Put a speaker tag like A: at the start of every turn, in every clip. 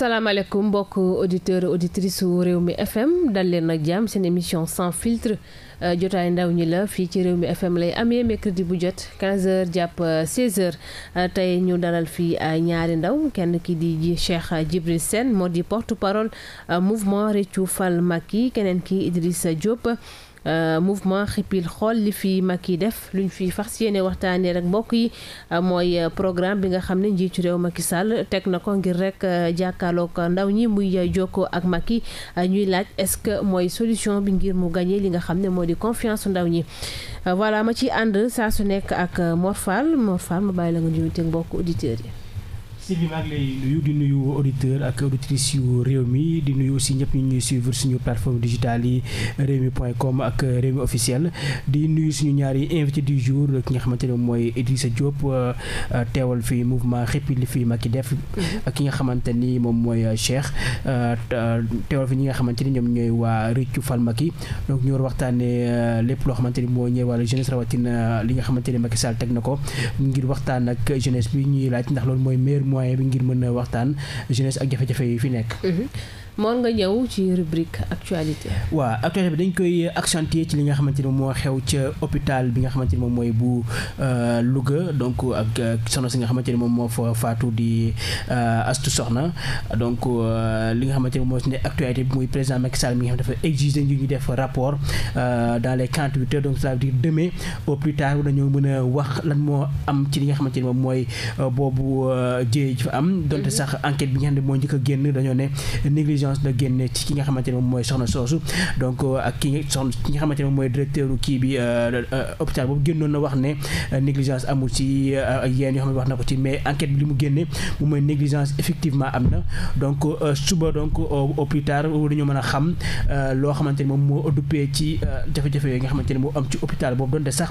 A: salaamaaleykum mbokk auditeur auditrice wu réew mi FM dal leen ak jàmm seen émission sans filtre euh, jotaay ndaw ñi la fii ci réew mi FM lay amee crédit bu jot 15 jàpp 16 euh, euh, tey ñu dalal fii ñaari ndaw kenn ki di ji Cheikh Djibril Sène moo di porte parole mouvement Réthiou Fall Macky keneen ki Idrissa Diop. Euh, mouvement xippil xool li fi yi def lu ñu fi fas yéene waxtaanee rek mbokk yi euh, mooy euh, programme bi nga xam ne njiitu réew Macky Sall teg na ko ngir rek jàkkaarloog ndaw ñi muy jokkoo ak mag Macky ñuy laaj est-ce que mooy solution bi ngir mu gagné li nga xam ne moo di confiance ndaw ñi voilà ma ci ànd saa su nekk ak Mor Fall Mor bàyyi la nga ñëw teg mbokk auditeurs yi.
B: Sylvie maa ngi lay nuyu di nuyu auditeur ak auditrice yu réew mi di nuyu aussi ñëpp ñu ñuy suivre suñu plateforme digitale yi réew mi point com ak réew mi officiel di nuyu suñu ñaari invité du jour ki nga xamante ne mooy Idrissa Diop euh, teewal fi mouvement xippi li fi Macky def ki nga xamante ni moom mooy Cheikh euh, euh, teewal fi ñi nga xamante ni ñoom ñooy waa Rëccu Fal Macky donc ñoor war waxtaane lépp loo xamante ni moo ñëw wàllu jeunesse rawatina li nga xamante ni Macky Sall teg na ko ngir waxtaan ak jeunesse bi ñuy laaj ndax loolu mooy waaye bi ngir mën a waxtaan jeunesse ak jafe-jafe yi fi nekk.
A: Mhm. moo nga ñëw ci rubrique actualité.
B: waaw actualité bi dañ koy accentuer ci li nga xamante ni moo xew ca hôpital bi nga xamante ni moom mooy bu euh, Louga donc ak soxna si nga xamante ni moom moo fa faatu di euh, astu soxna donc euh, li nga xamante ni moo ci ne actualité bi muy président Macky Sall mi nga xam dafa exiger ñu ñu def rapport dans les quarante-huit heures donc ça di deme demain au plus tard dañoo mën a wax lan moo am ci li nga xamante ni moom mooy boobu jéey ji fa am donte mhm. sax enquête bi nga xam ne moo njëkk génn dañoo ne négligence ordonnance la génne ci ki nga na wax euh, euh, bi li mu génne moom mooy négligence effectivement am na donc euh, suba donc au plus tard dañoo mën a xam loo xamante ne moom moo duppee ci jafe-jafe yooyu nga xamante ne moo am ci hôpital boobu donte sax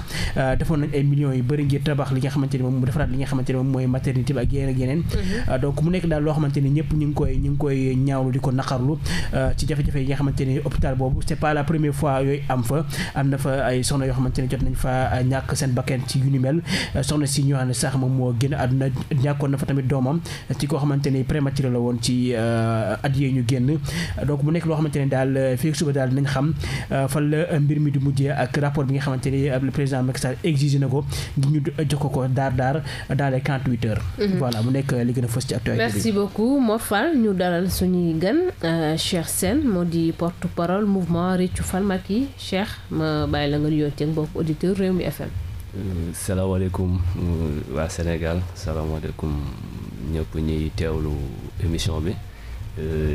B: defoon nañ ay millions yu bëri ngir tabax li nga xamante ne moom defaraat li nga xamante ne moom mooy maternité ak yeneen mhm. donc mu nekk daal loo xamante ne ñu ngi koy ñaawlu di ko naqarlu euh, ci jafe-jafe yi nga xamante ni hôpital boobu c'est pas la première fois yooyu am fa am na fa ay soxna yoo xamante ni jot nañ fa ñàkk seen bakkan ci yu ni mel euh, soxna si ñu xam ne sax moom moo génn àdduna ñàkkoon na fa tamit doomam ci koo xamante ni prématuré la woon ci euh, at yee ñu génn donc mu nekk loo xamante daal fii suba daal nañ xam fan la mbir mi di mujjee ak rapport bi nga xamante ni le président Macky Sall exige na ko ngir ñu jox ko ko daar daar dans mhm.
A: a fës Euh, Cheikh sen moo di porte parole mouvement Réccu Fal Macky Cheikh ma bàyyi la nga nuyoo teeg mbokk auditeur Rewmi FM.
C: Euh, salaamaaleykum euh, waa Sénégal salaamaaleykum ñëpp ñuy teewlu émission bi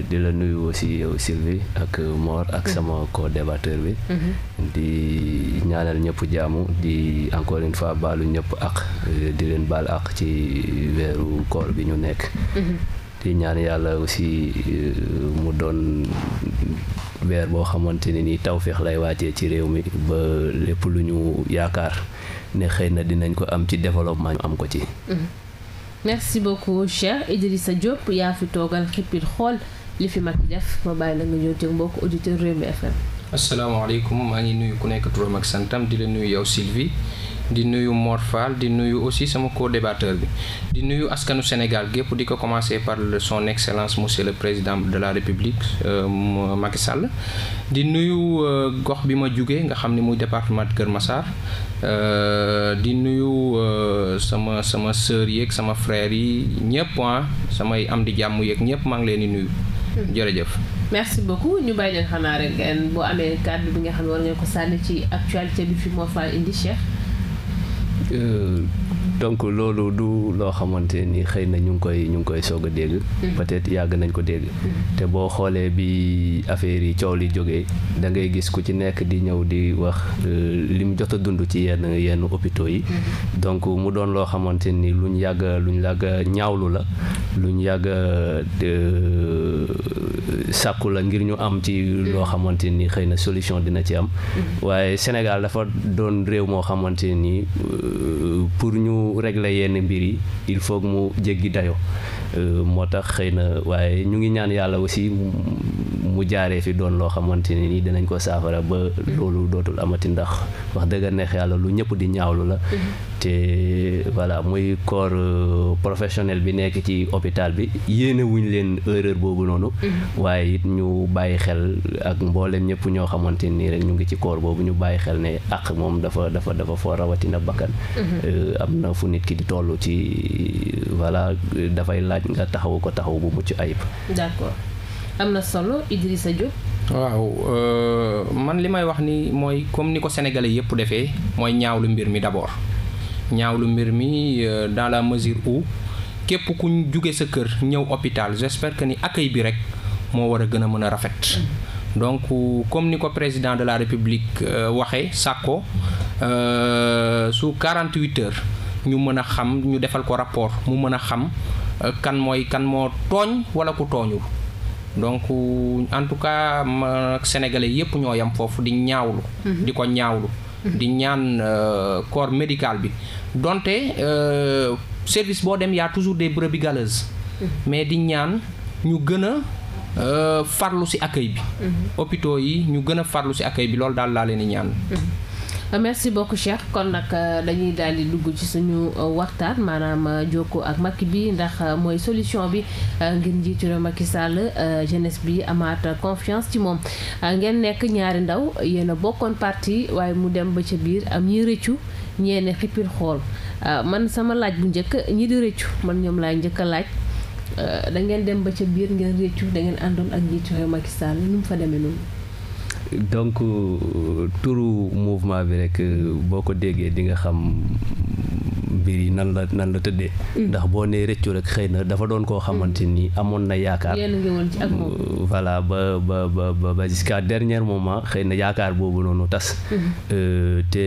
C: di la nuyu aussi yow Sylvie ak Mor ak sama mm-hmm. co-débatteur bi. Mm-hmm. di ñaanal ñëpp jaamu di encore une fois baalu ñëpp ak di leen baal ak ci weeru koor bi ñu nekk. Mm-hmm. di ñaan yàlla aussi euh, mu doon weer boo xamante ne ni tawféex lay wàccee ci réew mi ba lépp lu ñu yaakaar ne xëy na dinañ ko am ci développement am ko ci.
A: Mm-hmm. merci beaucoup Cheikh Idrissa Diop yaa fi toogal xippil xool li fi mag def ma bàyyi la nga ñëw ci mbokk auditeur Rewmi FM.
C: asalaamaaleykum
D: maa ngi nuyu ku nekk turam ak santam di la nuyu yow Sylvie. di nuyu Mor Fall di nuyu aussi sama co bi di nuyu askanu Sénégal gépp di ko commencer par son excellence monsieur le président de la république euh, Macky Sall di nuyu euh, gox bi ma jugee nga xam ne muy département de Kër Massar euh, di nuyu sama sama sœur yeeg sama frère yi ñëpp ah samay am di jàmm yéeg ñëpp maa ngi leen di nuyu. Hmm. jërëjëf.
A: a beaucoup ñu bàyyi leen xanaa bi nga xam ne war ko sànni ci actualité bi fi
C: euh, donc loolu du loo xamante ni xëy na ñu ngi koy ñu ngi koy soog a dégg. Hmm. peut-être yàgg nañ ko dégg. Hmm. te boo xoolee bi affaire yi coow li jógee da ngay gis ku ci nekk di ñëw di wax euh, li jot a dund ci yenn yenn hôpitaux yi. Hmm. donc mu doon loo xamante ni luñ yàgg luñ yàgg ñaawlu la luñ yàgg euh, sàkku la ngir ñu am ci loo xamante ni xëy na solution dina ci am. waaye Sénégal dafa doon réew moo xamante ni euh, pour ñu. mu régler yenn mbir yi il foog mu jéggi dayoo Euh, moo tax xëy na waaye ñu ngi ñaan yàlla aussi mu jaaree fi doon loo xamante ne nii dinañ ko saafara ba mm-hmm. loolu dootul amati ndax wax dëgg neex yàlla lu ñëpp di ñaawlu la. Mm-hmm. te voilà muy corps euh, professionnel bi nekk ci hôpital bi yéene wuñ leen erreur boobu noonu. Mm-hmm. waaye it ñu bàyyi xel ak mboolem ñëpp ñoo xamante nii rek ñu ngi ci corps boobu ñu bàyyi xel ne ak moom dafa dafa dafa foo rawatina bakkan. Euh, am na fu nit ki di toll ci voilà dafay laaj. nga taxawu ko taxaw bu mucc ayib.
A: d'accord am na solo Idrissa Diop.
C: waaw euh, man li may wax
D: ni mooy comme ni ko sénégalais yëpp defee mooy ñaaw lu mbir mi ñaaw lu mbir mi euh, dans la mesure où képp ku ñu jóge sa kër ñëw hôpital j'espère que ni accueil bi rek moo war a gën a mën a rafet. donc comme ni ko président de la république euh, waxee sàkko su 48 heures ñu mën a xam ñu defal ko rapport mu mën a xam. Euh, kan mooy kan moo tooñ wala ku tooñul donc en tout cas ma sénégalais yépp ñoo yam foofu di ñaawlu mhm. di ko ñaawlu mhm. di ñaan euh, corps médical bi donte euh, service boo dem yaa toujours des brebis galeuses mhm. mais di ñaan ñu gën a farlu ci accueil bi opito yi ñu gën a farlu ci accueil bi loolu daal laa leen di ñaan
A: merci beaucoup Cheikh kon nag euh, dañuy daal di dugg ci suñu euh, waxtaan maanaam euh, jokkoo ak Macky bi ndax mooy solution bi ngir njiitu réew Macky Sall jeunesse bi amaat a confiance ci moom ngeen nekk ñaari ndaw yéen a bokkoon parti waaye mu dem ba ca biir am ñi rëccu ñeene xippil xool man sama laaj bu njëkk ñi di rëccu man ñoom laay njëkk laaj da ngeen dem ba ca biir ngeen rëccu da ngeen àndoon ak njiitu réew Macky Sall nu mu fa demee noonu.
C: donc euh, turu mouvement bi rek euh, boo ko déggee di nga xam biir yi nan la nan la tëddee. Mm. ndax boo nee rëccu rek xëy na dafa doon koo xamante mm. ni amoon na yaakaar. Mm, voilà ba ba ba ba jusqu'à dernier moment xëy na yaakaar boobu noonu tas. Mm-hmm. Euh, te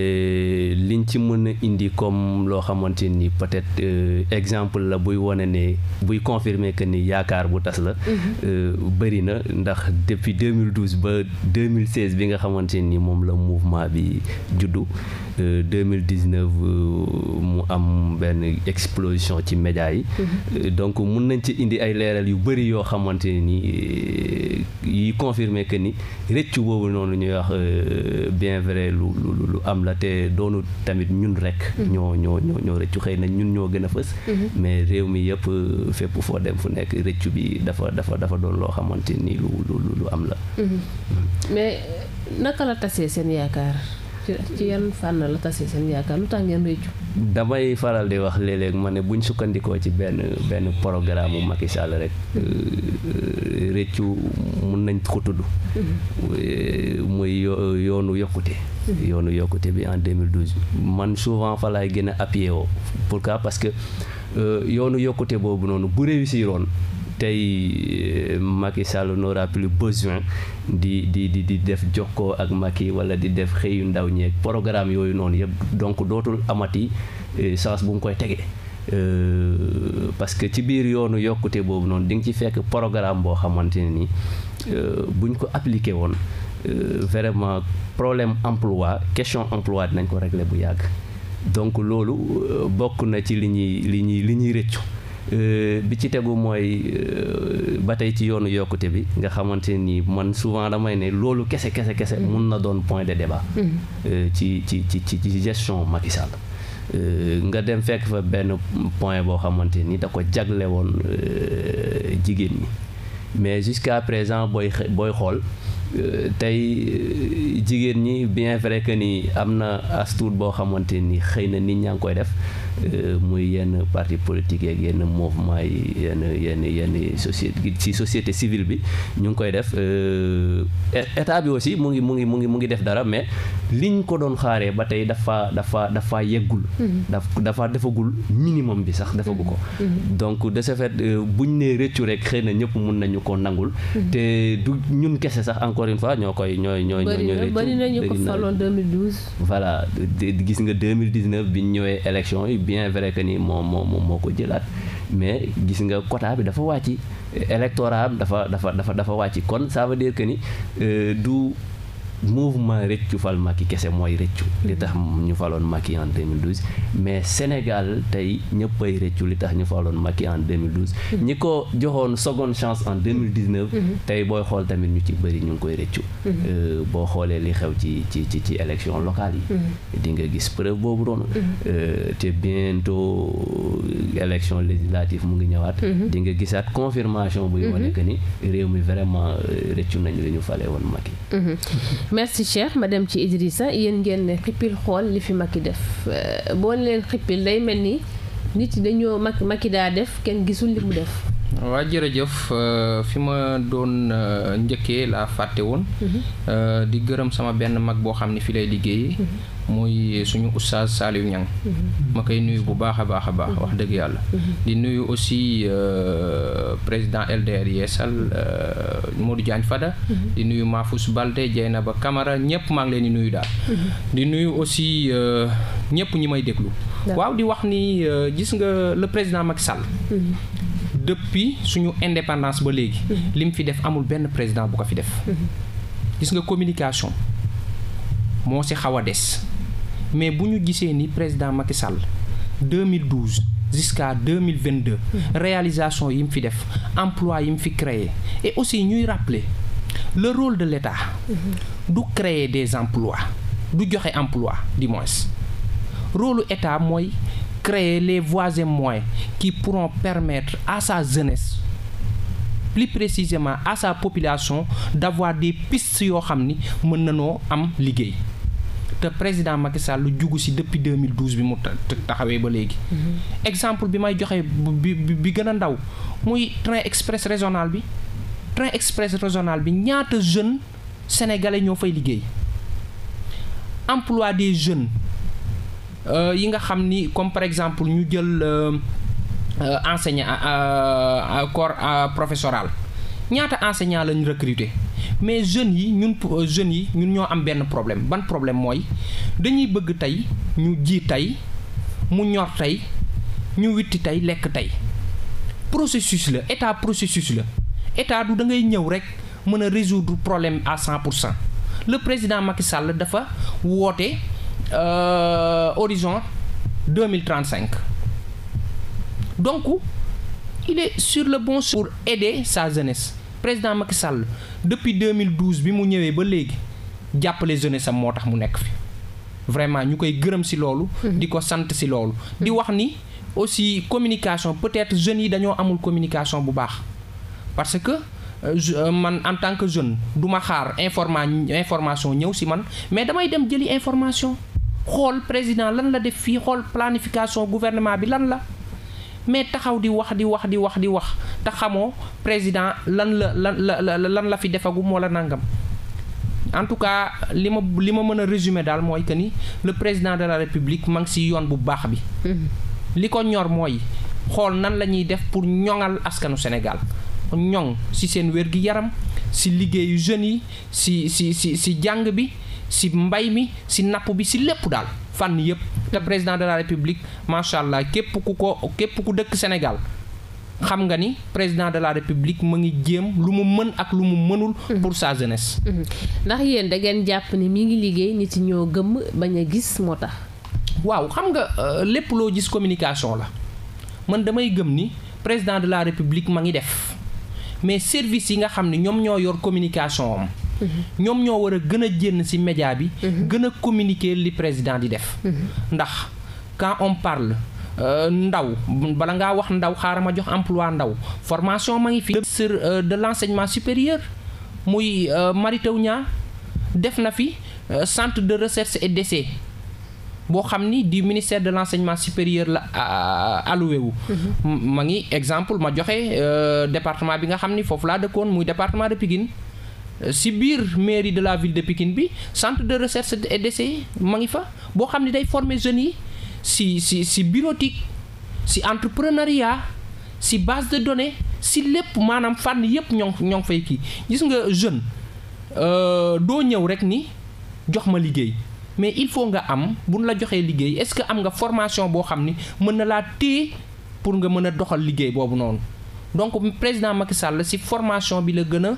C: liñ ci mën a indi comme loo xamante ni peut-être euh, exemple la buy wane ne buy confirmer que ni yaakaar bu tas la. Mm-hmm. Euh, bëri na ndax depuis 2012 ba 2016 bi nga xamante ni moom la mouvement bi juddu 2019 mu am. am benn explosion ci média yi. Mhm. donc mun nañ ci indi ay leeral yu bëri yoo xamante ni euh, yi confirmer que ni rëccu boobu noonu ñuy wax euh, bien vrai lu lu lu am la te doonu tamit ñun rek. Mhm. ñoo ñoo ñoo ñoo rëccu xëy na ñun ñoo gën a fës. Mhm. mais réew mi yëpp euh, fépp foo dem fu nekk rëccu bi dafa dafa dafa doon loo xamante ni lu lu lu am la.
A: Mm. mais naka la tasee seen yaakaar. ci ci yan fànn la tase seen yaakaar lu tax ngeen réccu
C: damay faral di wax léeg-léeg ma ne buñ sukkandikoo ci benn benn programme mu Macky Sall rek euh, réccu mun nañ ko tudd mm-hmm. muy yoonu yokkute mm-hmm. yoonu yokkute bi en 2012 man souvent fa laay gën a appuyé woo pourquoi parce que euh, yoonu yokkute boobu noonu bu réussiroon tey euh, Macky Sall n'aura plus besoin di di di di def jokkoo ak Macky wala di def xëyu ndaw ñeek programme yooyu noonu yëpp donc dootul amati sance euh, bu mu koy tegee euh, parce que ci biir yoonu yokkute boobu noonu di nga ci fekk programme boo xamante ne ni buñ ko appliqué woon vraiment problème emploi question emploi dinañ ko régler bu yàgg donc loolu bokk na ci li ñuy li ñuy rëccu Euh, bi ci tegu mooy euh, ba tey ci yoonu yokkute bi nga xamante ni man souvent damay ne loolu kese kese kese mm-hmm. mun na doon point de débat. Mm-hmm. Euh, ci ci ci ci gestion Macky Sall nga dem fekk fa benn point boo xamante nii da ko jagle woon jigéen ñi mais jusqu'à présent booy booy xool tey jigéen ñi bien vrai que ni am na as boo xamante ni xëy na nit ñaa ngi koy def. Euh, muy yenn parti politique yeeg yenn mouvement yi yenn yenn yenn société ci société civile bi ñu ngi koy def euh, état bi aussi mu ngi mu ngi mu ngi mu ngi def dara mais liñ ko doon xaaree ba tey dafa dafa dafa yeggul mm-hmm. dafa dafa defagul minimum bi sax defagu ko mm-hmm. Mm-hmm. donc de ce fait euh, buñ nee rëccu rek xëy na ñëpp mun nañu ko nangul te du ñun kese sax encore une fois ñoo koy ñooy ñooy ñooy bëri na ñu ko faloon
A: 2012
C: voilà gis nga 2019 biñ ñëwee élection bien vrai que ni moom moom moo ko jëlaat mais gis nga quota bi dafa wàcc électorat dafa dafa dafa dafa wàcc kon ça veut que ni euh, du mouvement rëccu fal Macky kese mooy rëccu li tax ñu faloon Macky en mais Sénégal tey ñëpp ay rëccu li tax ñu faloon Macky en 2012. Mm-hmm. ñi ko joxoon seconde chance en 2019. Mm-hmm. tey booy xool tamit ñu ci bëri ñu ngi koy rëccu. Mm-hmm. Euh, boo xoolee li xew ci ci ci ci élection locale yi. di nga gis preuve boobu doon. Euh, te bientôt élection législative mu ngi ñëwaat. di nga gisaat confirmation buy wane que ni réew mi vraiment euh, rëccu nañ li ñu fale woon Macky.
A: merci Cheikh ma dem ci Idrissa yéen ngeen ne xippil xool li fi mag i def euh, boo leen xippil day mel ni nit yi dañoo mag Macky daa def kenn gisul li mu def.
D: waa jërëjëf euh, fi ma doon euh, njëkkee laa fàtte woon. Mm-hmm. di gërëm sama benn mag boo xam ne fi lay liggéey mm-hmm. mooy suñu oustaz Saliou ñaŋ
E: mm-hmm.
D: ma koy nuyu bu baax a baax a baax mm-hmm. wax dëgg yàlla mm-hmm. di nuyu aussi euh, président LDR Yeesal euh, Modou Diagne Fada di nuyu Mahfous Balde ba kamara ñëpp maa ngi leen di nuyu daal di nuyu aussi euh, ñëpp ñi may déglu waaw di wax ni gis nga le président Macky Sall depuis suñu indépendance ba léegi li mu fi def amul benn président bu ko fi def gis nga communication moo si xaw a des mais bu ñu gisee ni président Macky Sall 2012 jusqu'à 2022 réalisation yi mu fi def emploi yi mu fi créer et aussi ñuy rappeler le rôle de l'État du créer des emplois du joxe emploi du moins rôle état mooy créer les voies et moyens qui pourront permettre à sa jeunesse plus précisément à sa population d'avoir de pistes yoo xam ni mën na nanoo am liggéey te président Macky Sall lu jugu si depuis 2012 bi mu taxawee ba léegi. Mm-hmm. exemple bi may joxe bi bi gën a ndaw muy train express résional bi train express régional bi ñaata jeunes sénégalais ñoo fay liggéey emplois des jeunes euh, yi nga xam ni comme par exemple ñu jël euh, euh, enseignant corps professoral ñaata enseignant lañ recruter. mais jeunes yi ñun euh, jeunes yi ñun ñoo am benn problème ban problème mooy dañuy bëgg tey ñu ji tey mu ñor tey ñu witti tey lekk tey processus la état processus la état du da ngay ñëw rek mën a résoudre problème à cent pour cent le président Macky Sall dafa woote euh, horizon deux mille trente cinq donc il est sur le bon chemin pour aider sa jeunesse président Macky Sall depuis 2012 bi mu ñëwee ba léegi jàppale jeunesse sam moo tax mu nekk fi vraiment ñu koy gërëm ci loolu. di ko sant ci loolu. di wax ni aussi communication peut-être jeunes yi dañoo amul communication bu baax parce que. Euh, euh, man en tant que jeune duma xaar informa information ñëw ci man mais damay dem jëli information xool président lan la def fii xool planification gouvernement bi lan la mais taxaw di wax di wax di wax di wax te xamoo président lan la lan la lan la fi defagum wala nangam en tout cas li ma li ma mën a résumer daal mooy que ni le président de la république mag ngi si yoon bu baax bi. Mm-hmm. li ko ñor mooy xool nan la ñuy def pour ñoŋal askanu Sénégal ñoŋ si seen wér-gi-yaram si liggéeyu jeunes yi si si si si jàng bi si mbay mi si napp bi si lépp daal. fànn yëpp te président de la république macha allah képp ku ko képp ku dëkk Sénégal xam nga ni président de la république mu ngi jéem lu mu mën ak lu mu mënul. pour sa jeunesse.
A: Mhm. Mhm. ndax yéen da ngeen jàpp ni mi ngi liggéey nit ñoo gëm bañ a gis moo tax.
D: waaw xam nga euh, lépp loo gis communication la mën damay gëm ni président de la république ma ngi def mais service yi nga xam ne ñoom ñoo yor communication am. Mm-hmm. ñoom ñoo war a gën a jénn ci média bi mm-hmm. gën a communiquer li président di def mm-hmm. ndax quand on parle euh, ndaw bala ngaa wax ndaw xaaral ma jox emploi ndaw formation ma ngi fi sur euh, de l'enseignement supérieur muy euh, Mary Teuw Niane def na fi centre de recherche et d'essai boo xam ni du ministère de l'enseignement supérieur la alloué wu ma ngi exemple ma joxe département bi nga xam ni foofu laa dëkkoon muy département de Pikine si biir mairie de la ville de Pikine bi centre de recherche et d'essai ma ngi fa boo xam ne day former jeunes yi si si si bureautique si entrepreneuriat si base de données si lépp maanaam fànn yépp ñoo ñoo fay kii gis nga jeune euh, doo ñëw rek ni jox ma liggéey mais il faut nga am buñ la joxee liggéey est-ce que am nga formation boo xam ni mën na laa téye pour nga mën a doxal liggéey boobu noonu donc président Macky Sall si formation
B: bi la gën a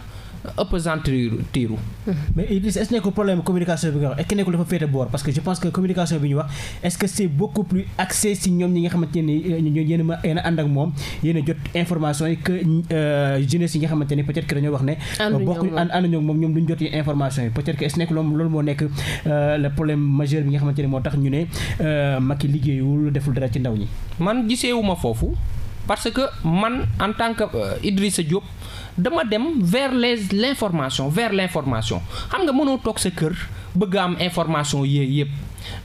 B: ëppesantiru tiiru mais Idriss est-ce que nekkul problème communication bi nga wax est-ce que nekkul dafa féete boor parce que je pense que communication bi ñu wax est-ce que c'est beaucoup plus axé si ñoom ñi nga xamante ne euh, ñoo yéen ma yéen a ànd ak moom yéen a jot information yi que euh, jeunesse yi nga xamante ne peut-être que dañoo wax ne bokkuñu ànd ànd ñoom moom ñoom duñu jot yi information yi peut-être que est-ce que nekkul loolu moo nekk euh, le problème majeur bi nga xamante ne moo tax ñu ne Macky liggéeyul deful dara ci ndaw ñi man
D: giseewuma foofu parce que man en tant que Idrissa Diop dama dem vers les l' information vers l' information xam nga mënoo toog sa kër bëgg am information yee yëpp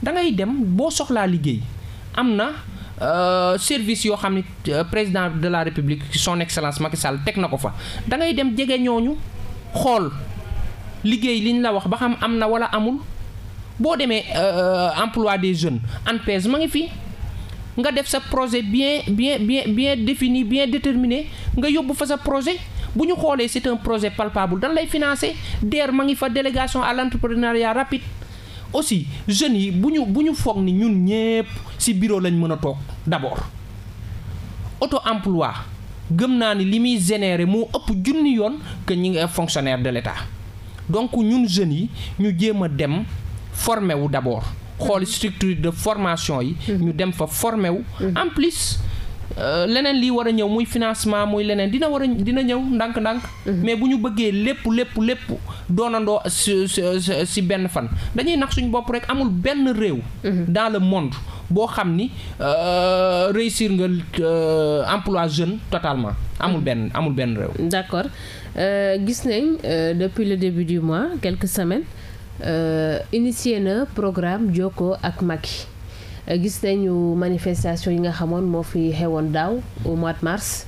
D: da ngay dem boo soxlaa liggéey am na euh, service yoo xam ne euh, président de la république son excellence Macky teg na ko fa da ngay dem jege ñooñu xool liggéey li ñu la wax ba xam am na wala amul boo demee euh, emploi des jeunes ANPEJ ma ngi fi nga def sa projet bien bien bien bien défini bien déterminé nga yóbbu fa sa projet. bu ñu xoolee c'est un projet palpable dan lay financer DER ma ngi fa délégation à l'entrepreneuriat rapide aussi jeunes yi bu ñu bu ñu foog ni ñun ñépp ci bureau lañ mën a toog d'abord auto emploi gëm naa ni li muy générer moo ëpp junni yoon que ñi ngi fonctionnaire de l'État donc ñun jeunes yi ñu jéem a dem former wu d'abord xool structure de formation yi mm-hmm. ñu dem fa former wu mm-hmm. en plus Euh, leneen lii war a ñëw muy financement muy leneen dina war a dina ñëw ndànk-ndànk. Mhm. mais bu ñu bëggee lépp lépp lépp doonandoo si si benn fan dañuy nax suñu bopp rekk amul benn réew. Mhm. dans le monde boo xam ni euh, réussir nga euh, emploi jeunes totalement amul mhm. benn amul benn
A: réew. d'accord gis nañ depuis le début du mois quelques semaines initié na programme Jokko ak Macky. Euh, gis nañu manifestation yi nga xamoon moo fi xewoon daaw au mois de mars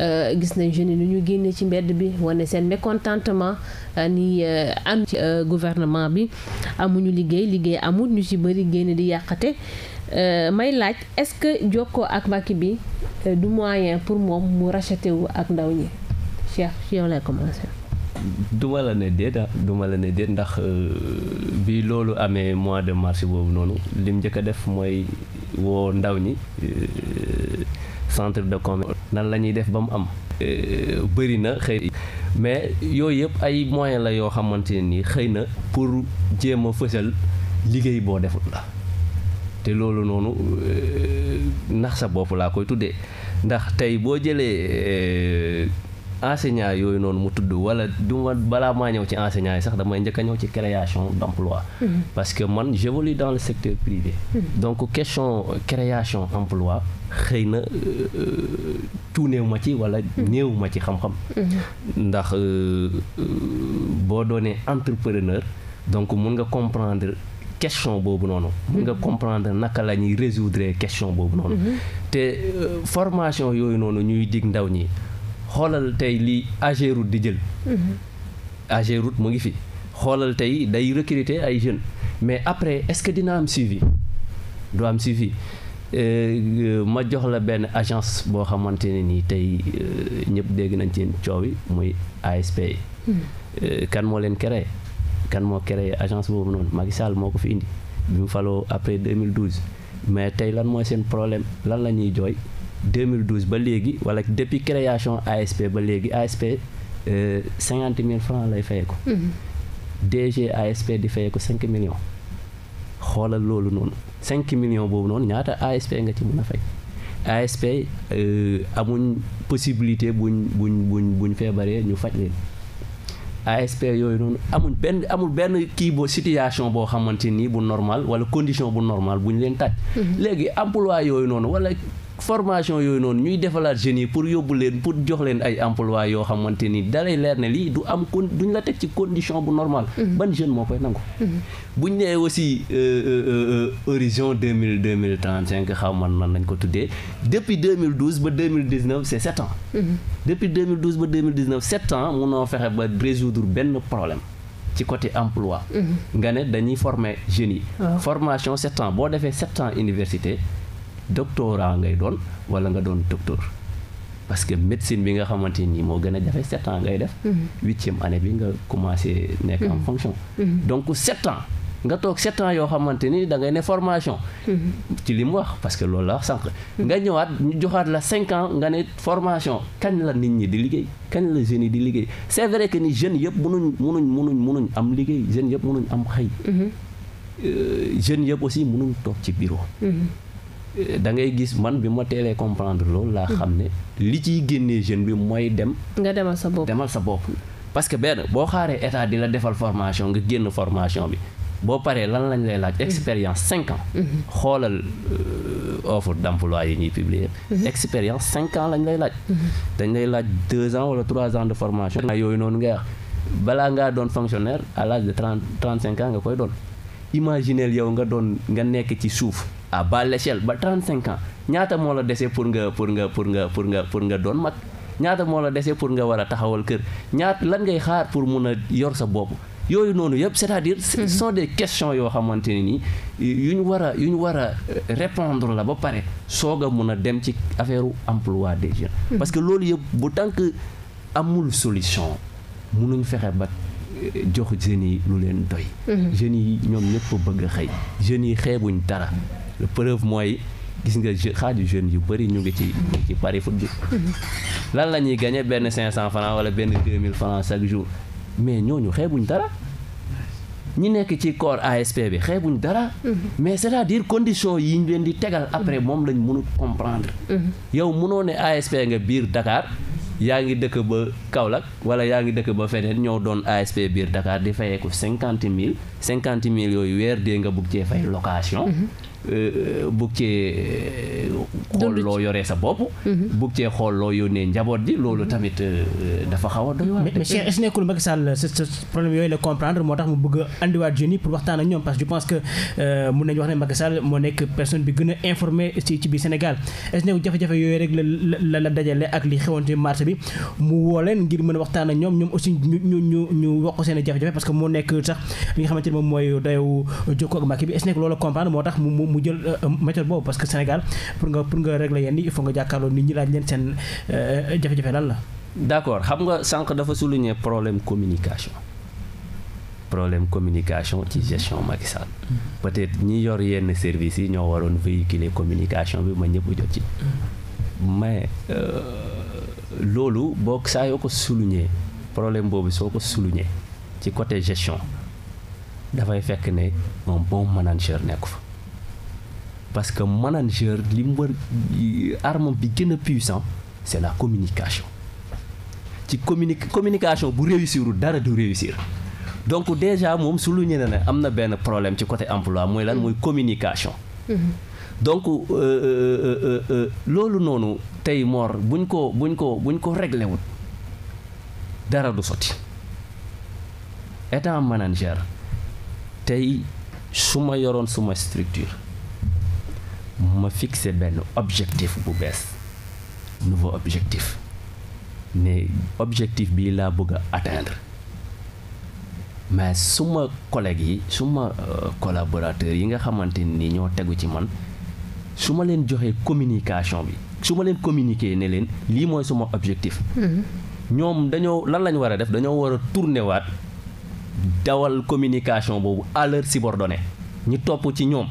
A: euh, gis nañ jeunes yi ñu génne ci mbedd bi wane seen mécontentement euh, ni am ci gouvernement bi amuñu liggéey liggéey amul ñu ci bëri génne di yàqate may laaj est-ce que jokkoo ak Macky bi du moyen pour moom mu racheter wu ak ndaw ñi Cheikh lay commencer
C: duma la ne déet ah duma la ne déet ndax euh, bi loolu amee mois de mars boobu noonu lim njëkk a def mooy woo ndaw ñi euh, centre de commerce nan la ñuy def ba mu am euh, bëri na xëy mais yooyu yëpp ay moyen la yoo xamante nii xëy na pour jéem fësal liggéey boo deful la te loolu noonu nax sa bopp laa koy tuddee ndax tey boo jëlee enseignant yooyu noonu mu tudd wala du ma balaa maa ñëw ci enseignant yi sax damay njëkk a ñëw ci création d' emploi mhm. parce que man j'évolue dans le secteur privé mhm. donc question euh, création emploi xëy na euh, euh, tout néew ma ci wala mhm. néewuma ci xam-xam ndax boo doonee entrepreneur donc mun nga comprendre question boobu noonu mun nga comprendre naka la ñuy résoudre question boobu noonu te formation yooyu noonu ñuy dig ndaw ñi xoolal tey li Ageroute di jël.
E: Mm-hmm.
C: Ageroute mu ngi fi xoolal tey day recruter ay jeunes mais après est-ce que dina am suivi du am suivi. Euh, ma jox la benn agence boo xamante ne nii tey euh, ñëpp dégg nañ ci coow yi muy ASP. Mm-hmm. Euh, kan moo leen kere kan moo créé agence boobu noonu Macky moo ko fi indi bi mu faloo après 2012 mais tey lan mooy seen problème lan la ñuy jooy. 2012 ba léegi wala depuis création ASP ba léegi ASP euh, cinquante mille francs lay fay ko. Mhm. DG ASP di fay ko cinq million xoolal loolu noonu cinq million boobu noonu ñaata ASP nga ci mën a fay. ASP euh, amuñ possibilité buñ buñ buñ buñ feebaree ñu faj leen. ASP yooyu noonu amuñ benn amul benn kii boo situation boo xamante nii bu normal wala condition bu normal buñ ñu leen tàj mhm. léegi emploi yooyu noonu wala formation yooyu noonu ñuy defalaat jeunes yi pour yóbbu leen pour jox leen ay emploi yoo xamante ni dalay leer na lii du am kon la teg ci condition bu normal mm-hmm. ban jeune moo koy nangu mm-hmm. buñ nee aussi euh, euh, euh, horizon deux mille deux mille trente cinq xaw man nan lañ ko tuddee depuis deux mille douze ba deux mille dix neuf c' est sept ans mm-hmm. depuis deux mille douze ba deux mille dix fexe ba résoudre benn problème ci côté emploi nga ne dañuy former jeunes yi formation sept ans boo defee sept ans université doctorat ngay doon wala nga doon docteur parce que médecine bi nga xamante nii moo gën a jafe sept ans ngay def mm-hmm. huitième année bi nga commencé nekk en mm-hmm. fonction mm-hmm. donc sept ans nga toog sept ans yoo xamante ni da ngay ne formation ci li mu wax parce que loolu la wax sànq nga ñëwaat ñu joxaat la cinq ans nga ne formation kañ la nit ñi di liggéey kañ la jeunes yi di liggéey c'est vrai que ni jeune yëpp munuñ munuñ munuñ munuñ am liggéey jeunes yëpp munuñ am xëy euh, jeunes yëpp aussi munuñ toog ci bureau da ngay gis man bi ma teelee comprendre loolu laa xam ne li ciy génnee jeune bi mooy dem. nga demal sa bopp demal sa bopp. parce que benn boo xaaree état di la defal formation nga génn formation bi boo paree lan lañ lay laaj mm-hmm. expérience cinq ans. Mm-hmm. xoolal euh, offre d'emploi yi ñuy publier. Mm-hmm. expérience cinq ans lañ lay laaj. dañ lay laaj deux ans wala trois ans de formation. yooyu noonu nga wax balaa ngaa doon fonctionnaire à l'âge de trente trente cinq ans nga koy doon imagineel yow nga doon nga nekk ci suuf. à bas l'échelle ba 35 ans ñaata moo la desee pour nga pour nga pour nga pour nga pour nga doon mag ñaata moo la desee pour nga war a taxawal kër ñaat lan ngay xaar pour mun a yor sa bopp yooyu noonu yëpp c'est-à-dire ce mm-hmm. sont des questions yoo xamante ne nii yu ñu war a yu ñu war a euh, répondre la ba pare soog a mun a dem ci affaire emploi des jeunes mm-hmm. parce que loolu yëpp bu tànk amul solution munuñ fexe ba euh, jox jeunes yi lu leen doy mm-hmm. jeunes yi ñoom ñëpp bëgg xëy jeunes yi xeebuñ dara le preuve mooy gis nga xaaju jeunes yu bëri ñu ngi ci ci pari foot bi lan la ñuy gagné benn 500 francs wala benn 2000 francs chaque jour mais ñooñu xeebuñu dara ñi nekk ci corps ASP bi xeebuñ dara. mais c'est-à-dire condition yi ñu leen di tegal après moom lañu mënul comprendre. yow mënoo ne ASP nga biir Dakar. yaa ngi dëkk ba Kaolack wala yaa ngi dëkk ba feneen ñoo doon ASP biir Dakar di fayee cinquante mille cinquante mille yooyu weer dee nga bugg cee fay location. Euh, bëgg cee euh, xool loo yoree sa bopp. Mhm. bëgg cee xool loo yónnee njaboot ji loolu tamit euh, dafa xaw a doy waar. mais
B: comprendre moo tax mu bëgg a andiwaat jeunes yi pour waxtaan ak ñoom parce que je pense que mun nañu wax ne Macky Sall moo nekk a informé ci ci biir Sénégal est-ce que nekkul jafe-jafe yooyu rek la la la dajale ak li xewoon ci marché bi mu woo leen ngir mën a waxtaan ak ñoom ñoom aussi ñu ñu ñu ñu wax seen jafe-jafe parce que moo nekk sax li nga xamante ne moom mooy dayu jokkoo ak Macky bi est-ce que nekkul comprendre moo tax mu jël euh, euh, méthode boobu parce que Sénégal pour nga pour nga régler yenn il faut nga jàkkaarloo nit ñi laaj leen seen euh, jafe-jafe lan la.
C: d'accord xam nga sànq dafa souligner problème communication problème communication ci gestion Macky Sall mm-hmm. peut-être ñi yor yenn services yi ñoo waroon véhiculer communication bi ma ñëpp jot ci. Mm-hmm. mais loolu boo saa yoo ko souligner problème boobu soo ko souligner ci côté gestion dafay fekk ne un bon manager nekk fa. parce que manager li mu war arme bi gën a puissant c'est la communication ci communi communication bu réussirul dara du réussir donc déjà moom su lu ñu ne ne am na benn problème ci côté emploi mooy lan mooy communication mm-hmm. donc euh, euh, euh, loolu noonu tey Mor buñ ko buñ ko buñ ko réglé wul dara du sotti étant manager tey su ma yoroon suma structure ma fixé benn objectif bu bees nouveau objectif ne objectif bii laa bëgg a atteindre mais suma collègues yi suma euh, collaborateurs yi nga xamante ni ñoo tegu ci man su ma leen joxe communication bi su ma leen communiquer ne leen lii mooy suma objectif hmm. ñoom dañoo lan lañ war a def dañoo war a tourner waat dawal communication boobu à leurs donné ñu topp ci ñoom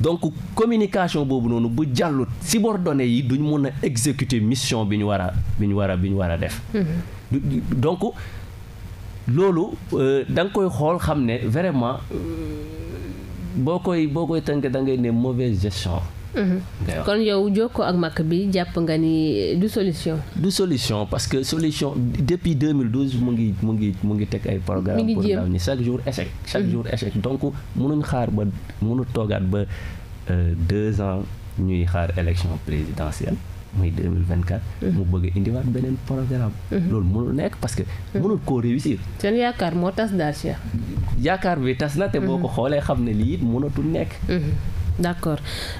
C: donc communication boobu noonu bu jàllut subordonnés yi duñ mun a exécuter mission bi ñu war a bi ñu war a bi ñu war a def. Mhm. donc loolu euh, da nga koy xool xam ne vraiment euh, boo koy boo koy tënk da ngay ne mauvaise gestion.
A: Mhm. kon yow jokkoo ak màkk bi jàpp nga ni euh, du solution.
C: du solution parce que solution depuis 2012 mu ngi mu ngi mu ngi teg ay programme pour ndaw ñi chaque jour échec. chaque mhm. jour échec donc mënuñ xaar ba mënu toogaat ba euh, deux ans ñuy xaar élection présidentielle. muy 2024. Mhm. mu bëgg indiwaat beneen programme. loolu mënul nekk parce que. mënul koo réussir.
A: seen yaakaar moo tas daal
C: yaakaar bi tas na te boo ko xoolee xam ne lii
A: it mënatul nekk. d' accord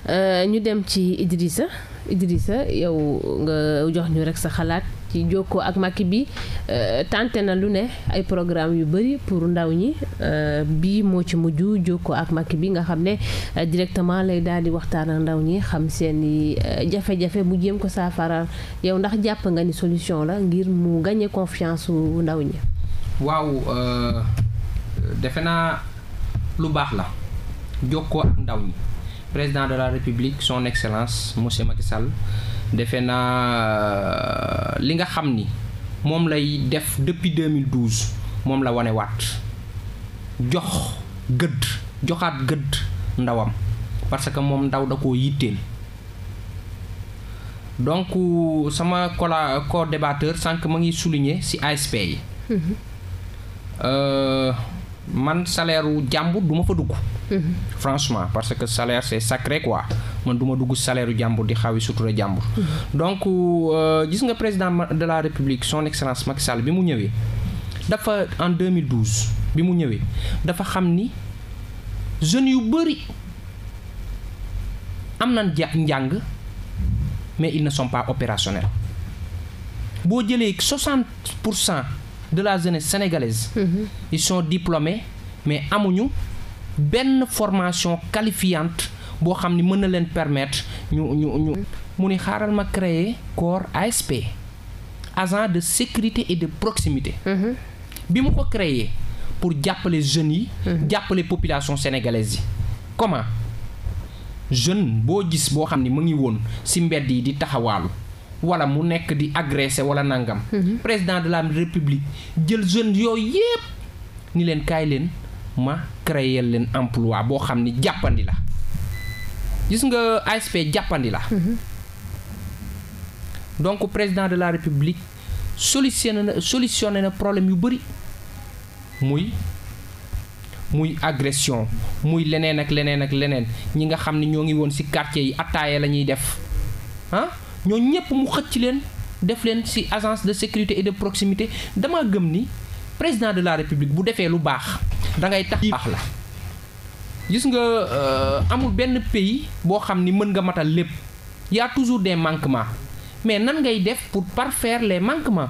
A: euh, ñu dem ci Idrissa Idrissa yow nga jox ñu rek sa xalaat ci jokkoo ak Macky bi euh, tenté na lu ne ay programme yu bëri pour ndaw ñi euh, bii moo ci mujj jokkoo ak Macky bi nga xam ne directement lay daal di waxtaan ak ndaw ñi xam seen i jafe-jafe mu jéem ko saafara yow ndax jàpp nga ni solution la ngir mu gagné confiance wu ndaw ñi.
D: waaw defe naa lu baax la jokkoo ak ndaw ñi. président de la république son excellence monsieur Macky Sall defe naa euh, li nga xam ni moom lay def depuis 2012 moom la wane waat jox gëdd joxaat gëdd ndawam parce que moom ndaw da koo yitteel donc sama cola co-débatteur sànq ma ngi souligner ci ASP yi. Mm-hmm. Euh, man salaire wu jàmbur du ma fa dugg. Mhm. franchement parce que salaire c'est sacré quoi man duma dugg salaire jàmbur di xawi sutura jàmbur. Mhm. donc euh, gis nga président de la république son excellence Macky Sall bi mu ñëwee. dafa en 2012 bi mu ñëwee dafa xam ni jeunes yu bëri am na ja njàng mais ils ne sont pas opérationnels boo jëlee 60 pour cent. de la jeunesse sénégalaise. Mm-hmm. ils sont diplômés mais amuñu benn formation qualifiante boo xam ni mën na leen permettre ñu ñu ñu. mu ni xaaral ma créer corps ASP agent de sécurité et de proximité. Mm-hmm. bi mu ko créer pour jàppale jeunes yi. Mm-hmm. jàppale population sénégalaise yi comment jeune boo gis boo xam ni mu ngi woon ci mbedd yi di taxawaalu. wala mu nekk di agressé wala nangam. Mhm. président de la république jël jeunes yooyu yépp ni leen kaay leen ma créer leen emploi boo xam ni jàppandi la gis nga ASP jàppandi la. Mhm. donc président de la république solutionné na solutionné na problème yu bëri muy. muy agression muy leneen ak leneen ak leneen ñi nga xam ne ñoo ngi woon ci quartier yi attaaye la ñuy def ah? ñooñu ñëpp mu xëcc leen def leen ci agence de sécurité et de proximité dama gëm ni président de la république bu defee lu baax da ngay tax baax la gis nga euh, amul benn pays boo xam ni mën nga matal lépp y toujours des manquement mais nan ngay def pour parfaire les manquement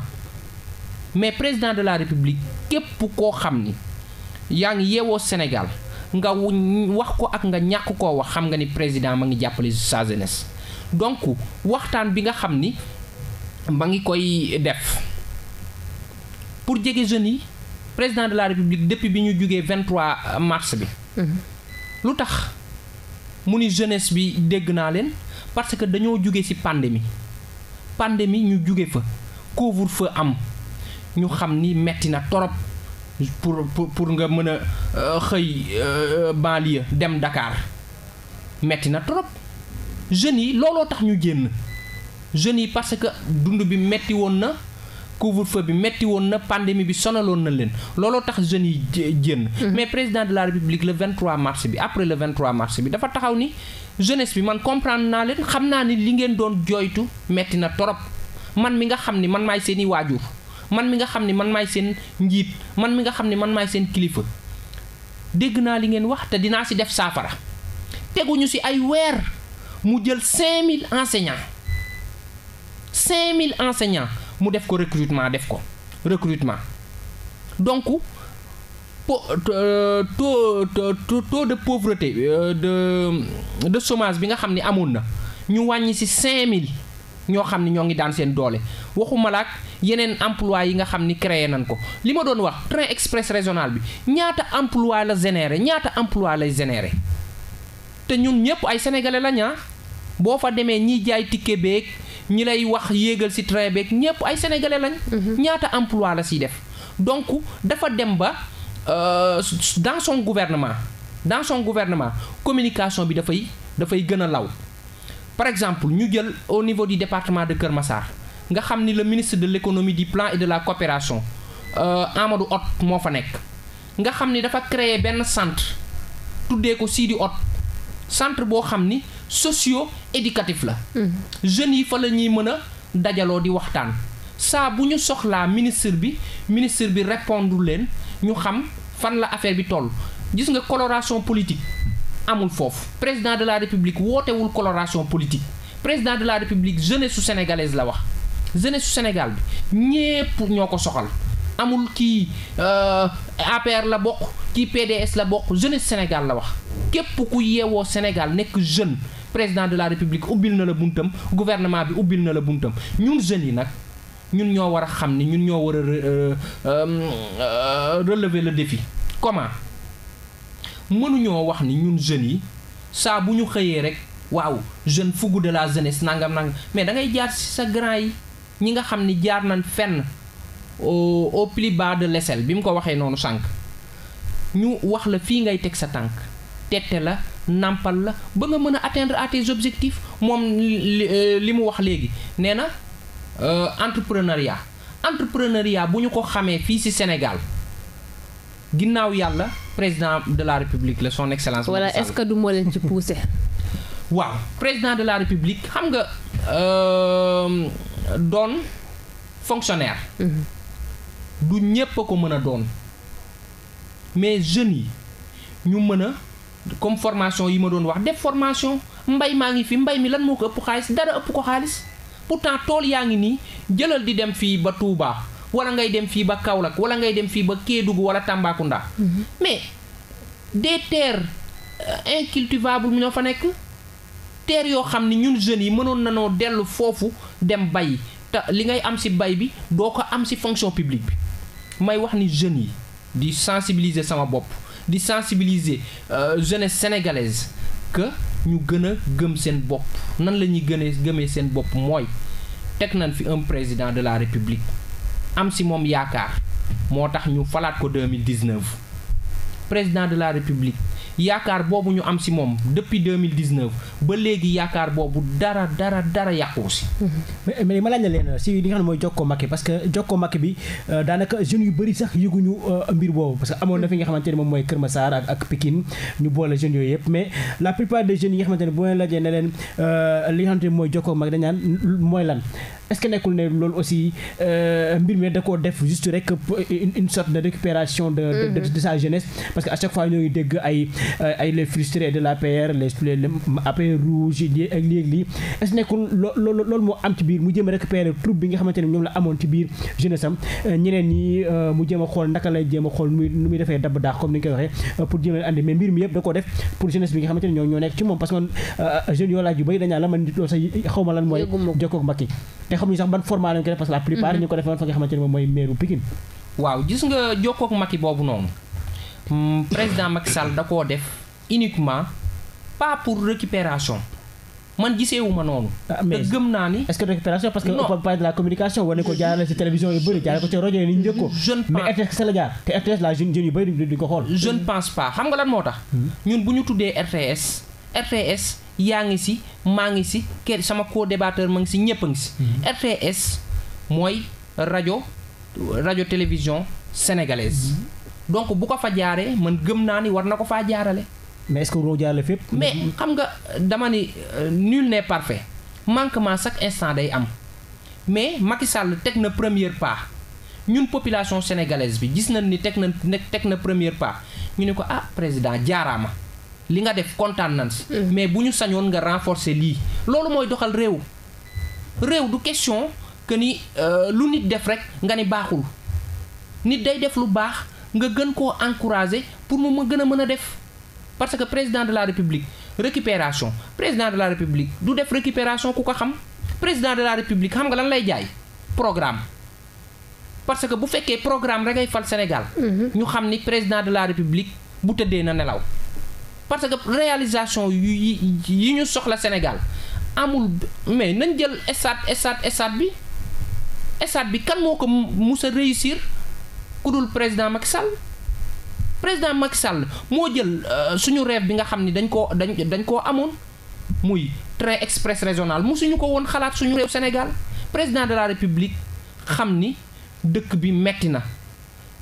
D: mais président de la république képp koo xam ni yaa ngi yeewoo Sénégal nga wax ko ak nga ñàkk koo wax xam nga ni président ma ngi jàppale sa jeunesse donc waxtaan bi nga xam ni ma ngi koy def pour jege jeunes yi président de la république depuis bi ñu jugee 23 mars bi. Mhm. lu tax mu ni jeunes bi dégg naa leen parce que dañoo jugee ci pandémie pandémie ñu jugee fa couvre fa am ñu xam ni metti na torop pour pour pour nga mën a euh, xëy euh, banlieue dem Dakar metti na torop. jeunes yi looloo tax ñu génn jeunes yi parce que dund bi metti woon na couvre bi metti woon na pandémie bi sonaloon na leen looloo tax jeunes yi génn mm-hmm. mais président de la république le 23 mars bi après le 23 mars bi dafa taxaw ni jeunesse bi man comprendre naa leen xam naa ni li ngeen doon jooytu metti na torop man mi nga xam ni man may seen i waajur man mi nga xam ni man maay seen njiit man mi nga xam ni man maay seen kilifa dégg naa li ngeen wax te dinaa si def saafara mu jël 5000 enseignants 5000 enseignants mu def ko recruitement def ko recrutement donc euh, taux taux de pauvreté euh, de de chômage bi nga xam ni amoon na ñu wàññi ci 5000 ñoo xam ni ñoo ngi daan seen doole waxuma laak yeneen emploi yi nga xam ni créé nañ ko li ma doon wax train express régional bi ñaata emploi la généré ñaata emploi lay généré te ñun ñëpp ay sénégalais lañ ah. boo fa demee ñiy jaay ticket beeg ñi lay wax yéegal ci train beeg ñëpp ay sénégalais lañ. Mhm. ñaata emploi la ciy def. donc dafa dem ba euh, dans son gouvernement dans son communication bi dafay dafay gën a law par exemple ñu jël au niveau de département de Kër Massar nga xam ni le ministre de l'économie di plan et de la coopération euh, Amadou Hott moo fa nekk nga xam ni dafa créer benn centre tuddee ko Sidi ot centre boo xam ni. socio éducatif la. Hmm. jeunes yi fa la ñuy mën a dajaloo di waxtaan. saa bu ñu soxlaa ministre bi ministre bi répondre leen ñu xam fan la affaire bi toll gis nga coloration politique amul foofu président de la république wootewul coloration politique président de la république jeunesse su sénégalaise la wax jeune su Sénégal bi ñépp ñoo ko soxal amul kii euh, APR la bokk kii PDS la bokk jeunesse Sénégal la wax képp ku yeewoo Sénégal nekk jeune président de la république ubbil na la buntam gouvernement bi ubbil na la buntam ñun jeunes yi nag ñun ñoo war a xam ni ñun ñoo war a euh, euh, euh, relever le défi comment mënuñoo wax ni ñun jeunes yi saa bu ñu xëyee rek waaw jeune fougue de la jeunesse nangam nangam mais da ngay jaar ci sa grand yi ñi nga xam ni jaar na fenn au au plus bas de l'échelle bi mu ko waxee noonu sànq ñu wax la fii ngay teg sa tànk tete la nàmpal la ba nga mën a atteindre à tes objectifs moom li euh, mu wax léegi nee na euh, entrepreneuriat entrepreneuriat bu ñu ko xamee fii ci Sénégal ginnaaw yàlla président de la république la son excellence. wala est-ce que
A: du moo leen ci
D: waaw président de la république xam nga euh, doon fonctionnaire. Mhm. du ñépp a ko mën a doon mais jeunes yi ñu mën a. comme formation yi ma doon wax def formation mbay maa ngi fi mbay mi lan moo ko ëpp xaalis dara ëpp ko xaalis pourtant tool yaa ngi nii jëlal di dem fii ba Touba wala ngay dem fii ba Kaolack wala ngay dem fii ba Kédougou wala Tambacounda.
A: Mhm. mais
D: des terres euh, incultivables ñoo fa nekk terres yoo xam ni ñun jeunes yi mënoon na noo dellu foofu dem bay te li ngay am ci bay bi doo ko am ci fonction publique bi may wax ni jeunes yi di sensibiliser sama bopp. di sensibiliser euh, jeunesse sénégalaise que ñu gën a gëm seen bopp nan la ñuy gënee gëmee seen bopp mooy teg nañ fi un président de la république am si moom yaakaar moo tax ñu falaat ko 2019 président de la république yaakaar boobu
B: ñu am si moom depuis 2019 ba léegi yaakaar boobu dara dara dara yàquwu ci. mais ma laaj la leen ci li nga xam ne mooy jokkoo makki parce que jokkoo makki bi euh, daanaka jeunes yu bëri sax yëguñu euh, mbir boobu parce que amoon fi nga xamante ne moom mooy Kër Massar ak ak Pikine ñu boole jeunes yëpp mais la plupart des jeunes yi nga ne bu leen laajee ne leen euh, mooy jokkoo makki dañu mooy lan. est-ce que nekkul ne loolu aussi euh, mbir mi da koo def juste rek une sorte de récupération de mhm. de sa jeunesse parce que à chaque fois ñoo ngi dégg ay euh, ay les frustrés de les les APR rouge lii ak lii ak lii est-ce que nekkul loolu loolu moo am ci biir mu jéem a récupérer troupe bi nga xamante ne ñoom la amoon ci biir jeunesse am euh, ñeneen ñi mu jéem a xool naka lay jéem xool nu muy defee dab daax comme ni ñu koy waxee pour jéem a andi mais mbir mi yëpp da koo def pour ne ñoo ñoo nekk ci moom parce que man jeunes xamuñu sax ban format lañ ko def parce que la plupart mhm. ñu ngi ko defee ne mooy meeru Pikine waaw
D: gis nga jokkook Macky boobu noonu mm, président Macky da koo def uniquement pas pour récupération man giseewuma noonu. Ah, te gëm naa ni. est-ce
B: que récupération parce que. non on parle de la communication war nañu ko jaarale ci télévision yu bëri jaarale ko ci rajo yi ni ñu njëkk mais RTS sa la jaar te RTS la jeune jeune yu bëri duñ ko xool. je ne pense xam nga lan moo tax. Hmm? ñun bu ñu tuddee
D: RTS. yaa ngi si maa ngi si kër sama co-débatteur ma ngi si ñëpp ngi si. Mm-hmm. RTS mooy rajo rajo télévision sénégalaise. Mm-hmm. donc bu ko fa jaaree man gëm naa ni war na ko faa jaarale. mais est-ce jaarale fépp. mais xam nga dama ni euh, nul n'est parfait manquement sac instant day am mais Macky teg na première pas ñun population sénégalaise bi gis nañ ni teg na teg na premier pas ñu ne ko ah président jaaraama. li nga def kontaan nan si mm. mais bu ñu sañoon nga renforcer lii loolu mooy doxal réew réew du question que ni euh, lu nit def rek nga ni baaxul nit day def lu baax nga gën koo encourager pour mu ma gën a mën a def parce que président de la république récupération président de la république du def récupération ku ko xam président de la république xam nga lan lay jaay programme parce que bu fekkee programme rek ay fal Sénégal mm-hmm. ñu xam ni président de la république bu tëddee na nelaw parce que réalisation yu yi ñu soxla Sénégal amul mais nañ jël stade stade stade bi stade bi kan moo ko mus a réussir ku dul président Macky Sall président Macky Sall moo jël euh, suñu rêve bi nga xam ni dañ koo dañ dañ koo amoon muy train express régional musuñu ko woon xalaat suñu réew Sénégal président de la république xam ni dëkk bi metti na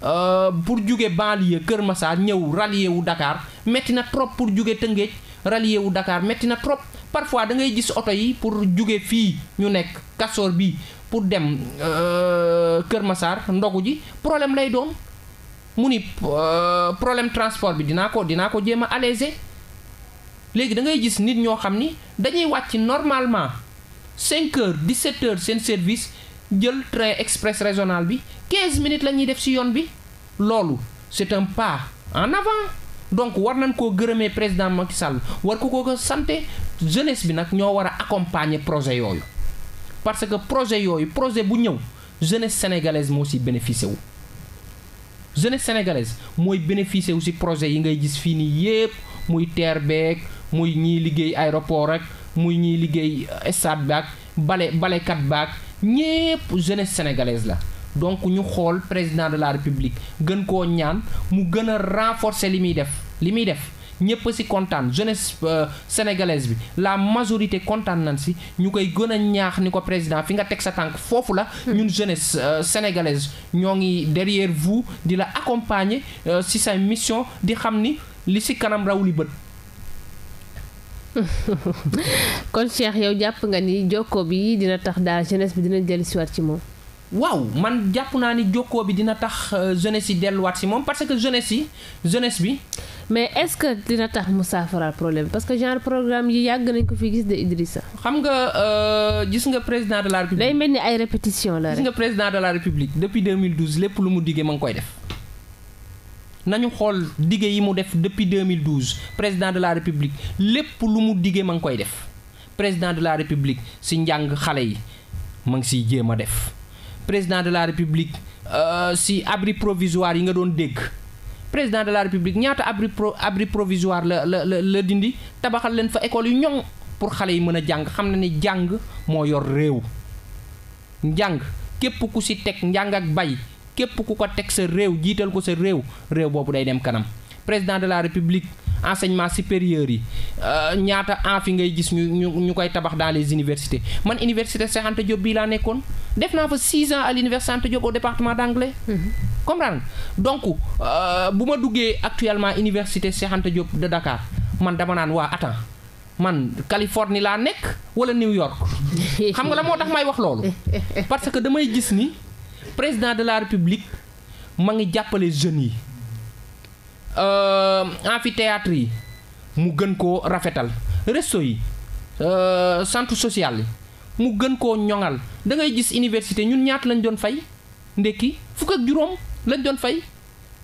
D: Euh, pour jóge banlieue Kër Massar ñëw rallier wu dakaar métti na trop pour jóge Tëngéej rallier wu dakaar métti na trop parfois da ngay gis oto yi pour jóge fii ñu nekk Kastoor bi pour dem euh, Kër Massar ndogu ji problème lay doon mu ni euh, problème transport bi dinaa ko dinaa ko jéem a alléger léegi da ngay gis nit ñoo xam ni dañuy wàcc normalement 5 heures 17 seen service jël train express régional bi 15 minutes la ñuy def ci yoon bi loolu c'est un pas en avant donc war nañ koo gërëmee président Macky Sall war ko ko santé jeunesse bi nag ñoo war a accompagner projet yooyu parce que projet yooyu projet bu ñëw jeunesse sénégalaise moo ci bénéficié wu. jeunesse sénégalaise mooy bénéficié wu ci projet yi ngay gis fii nii yépp muy TER beeg muy ñiy liggéey aéroport rek muy ñiy liggéey stade baak bale balekat baak ñépp jeunesse sénégalaise la donc ñu xool président de la république gën koo ñaan mu gën a renforcer li muy def li muy def ñëpp ci kontaan jeunesse euh, sénégalaise bi la majorité kontaan nañ ci ñu koy gën a ñaax ni ko président fi nga teg sa tànk foofu la. Hmm. ñun jeunesse euh, sénégalaise ñoo ngi derrière vous di la accompagner euh, ci sa mission di xam ni li ci kanam raw li bët.
A: kon Cheikh yow jàpp nga ni jokkoo bi dina tax daal jeunesse bi dina dellusiwaat ci moom.
D: waaw man jàpp naa ni jokkoo bi dina tax euh, jeunesse yi delluwaat si moom parce que jeunesse yi jeunesse bi.
A: mais est dina tax mu saafaraal problème parce que genre programme yi yàgg nañ ko fi gis de Idrissa. xam nga euh, gis nga président de la république. day mel ni ay répétition
D: depuis lépp lu mu diggee ma ngi koy def. nañu xool dige yi mu def depuis 2012 président de la république lépp lu mu dige ma ngi koy def président de la république si njàng xale yi ma ngi siy jéem a def président de la république euh, si abri provisoire yi nga doon dégg président de la république ñaata abri pro abri provisoire la la la dindi tabaxal leen fa école yu ñoŋ pour xale yi mën a jàng xam na ni jàng moo yor réew njàng képp ku si teg njàng ak bay képp ku ko teg sa réew jiital ko sa réew réew boobu day dem kanam président de la république enseignement supérieur yi euh, ñaata en fi ngay gis ñu ñu ñu koy tabax dans les universités man université Cheikh Anta Diop bii laa nekkoon def naa fa 6 ans à l'université Cheikh Anta Diop département d'anglais mhm. comprendre donc euh, bu ma duggee actuellement université Cheikh Anta Diop de Dakar man dama naan waa attends man Californie laa nekk wala New York xam nga la moo tax may wax loolu parce président de la république ma ngi jàppale jeunes yi euh, amphithéâtre yi mu gën koo rafetal resto yi euh, centre sociale yi mu gën koo ñoŋal da ngay gis université ñun ñaata lañ doon fay ndekki fukk ak juróom lañ doon fay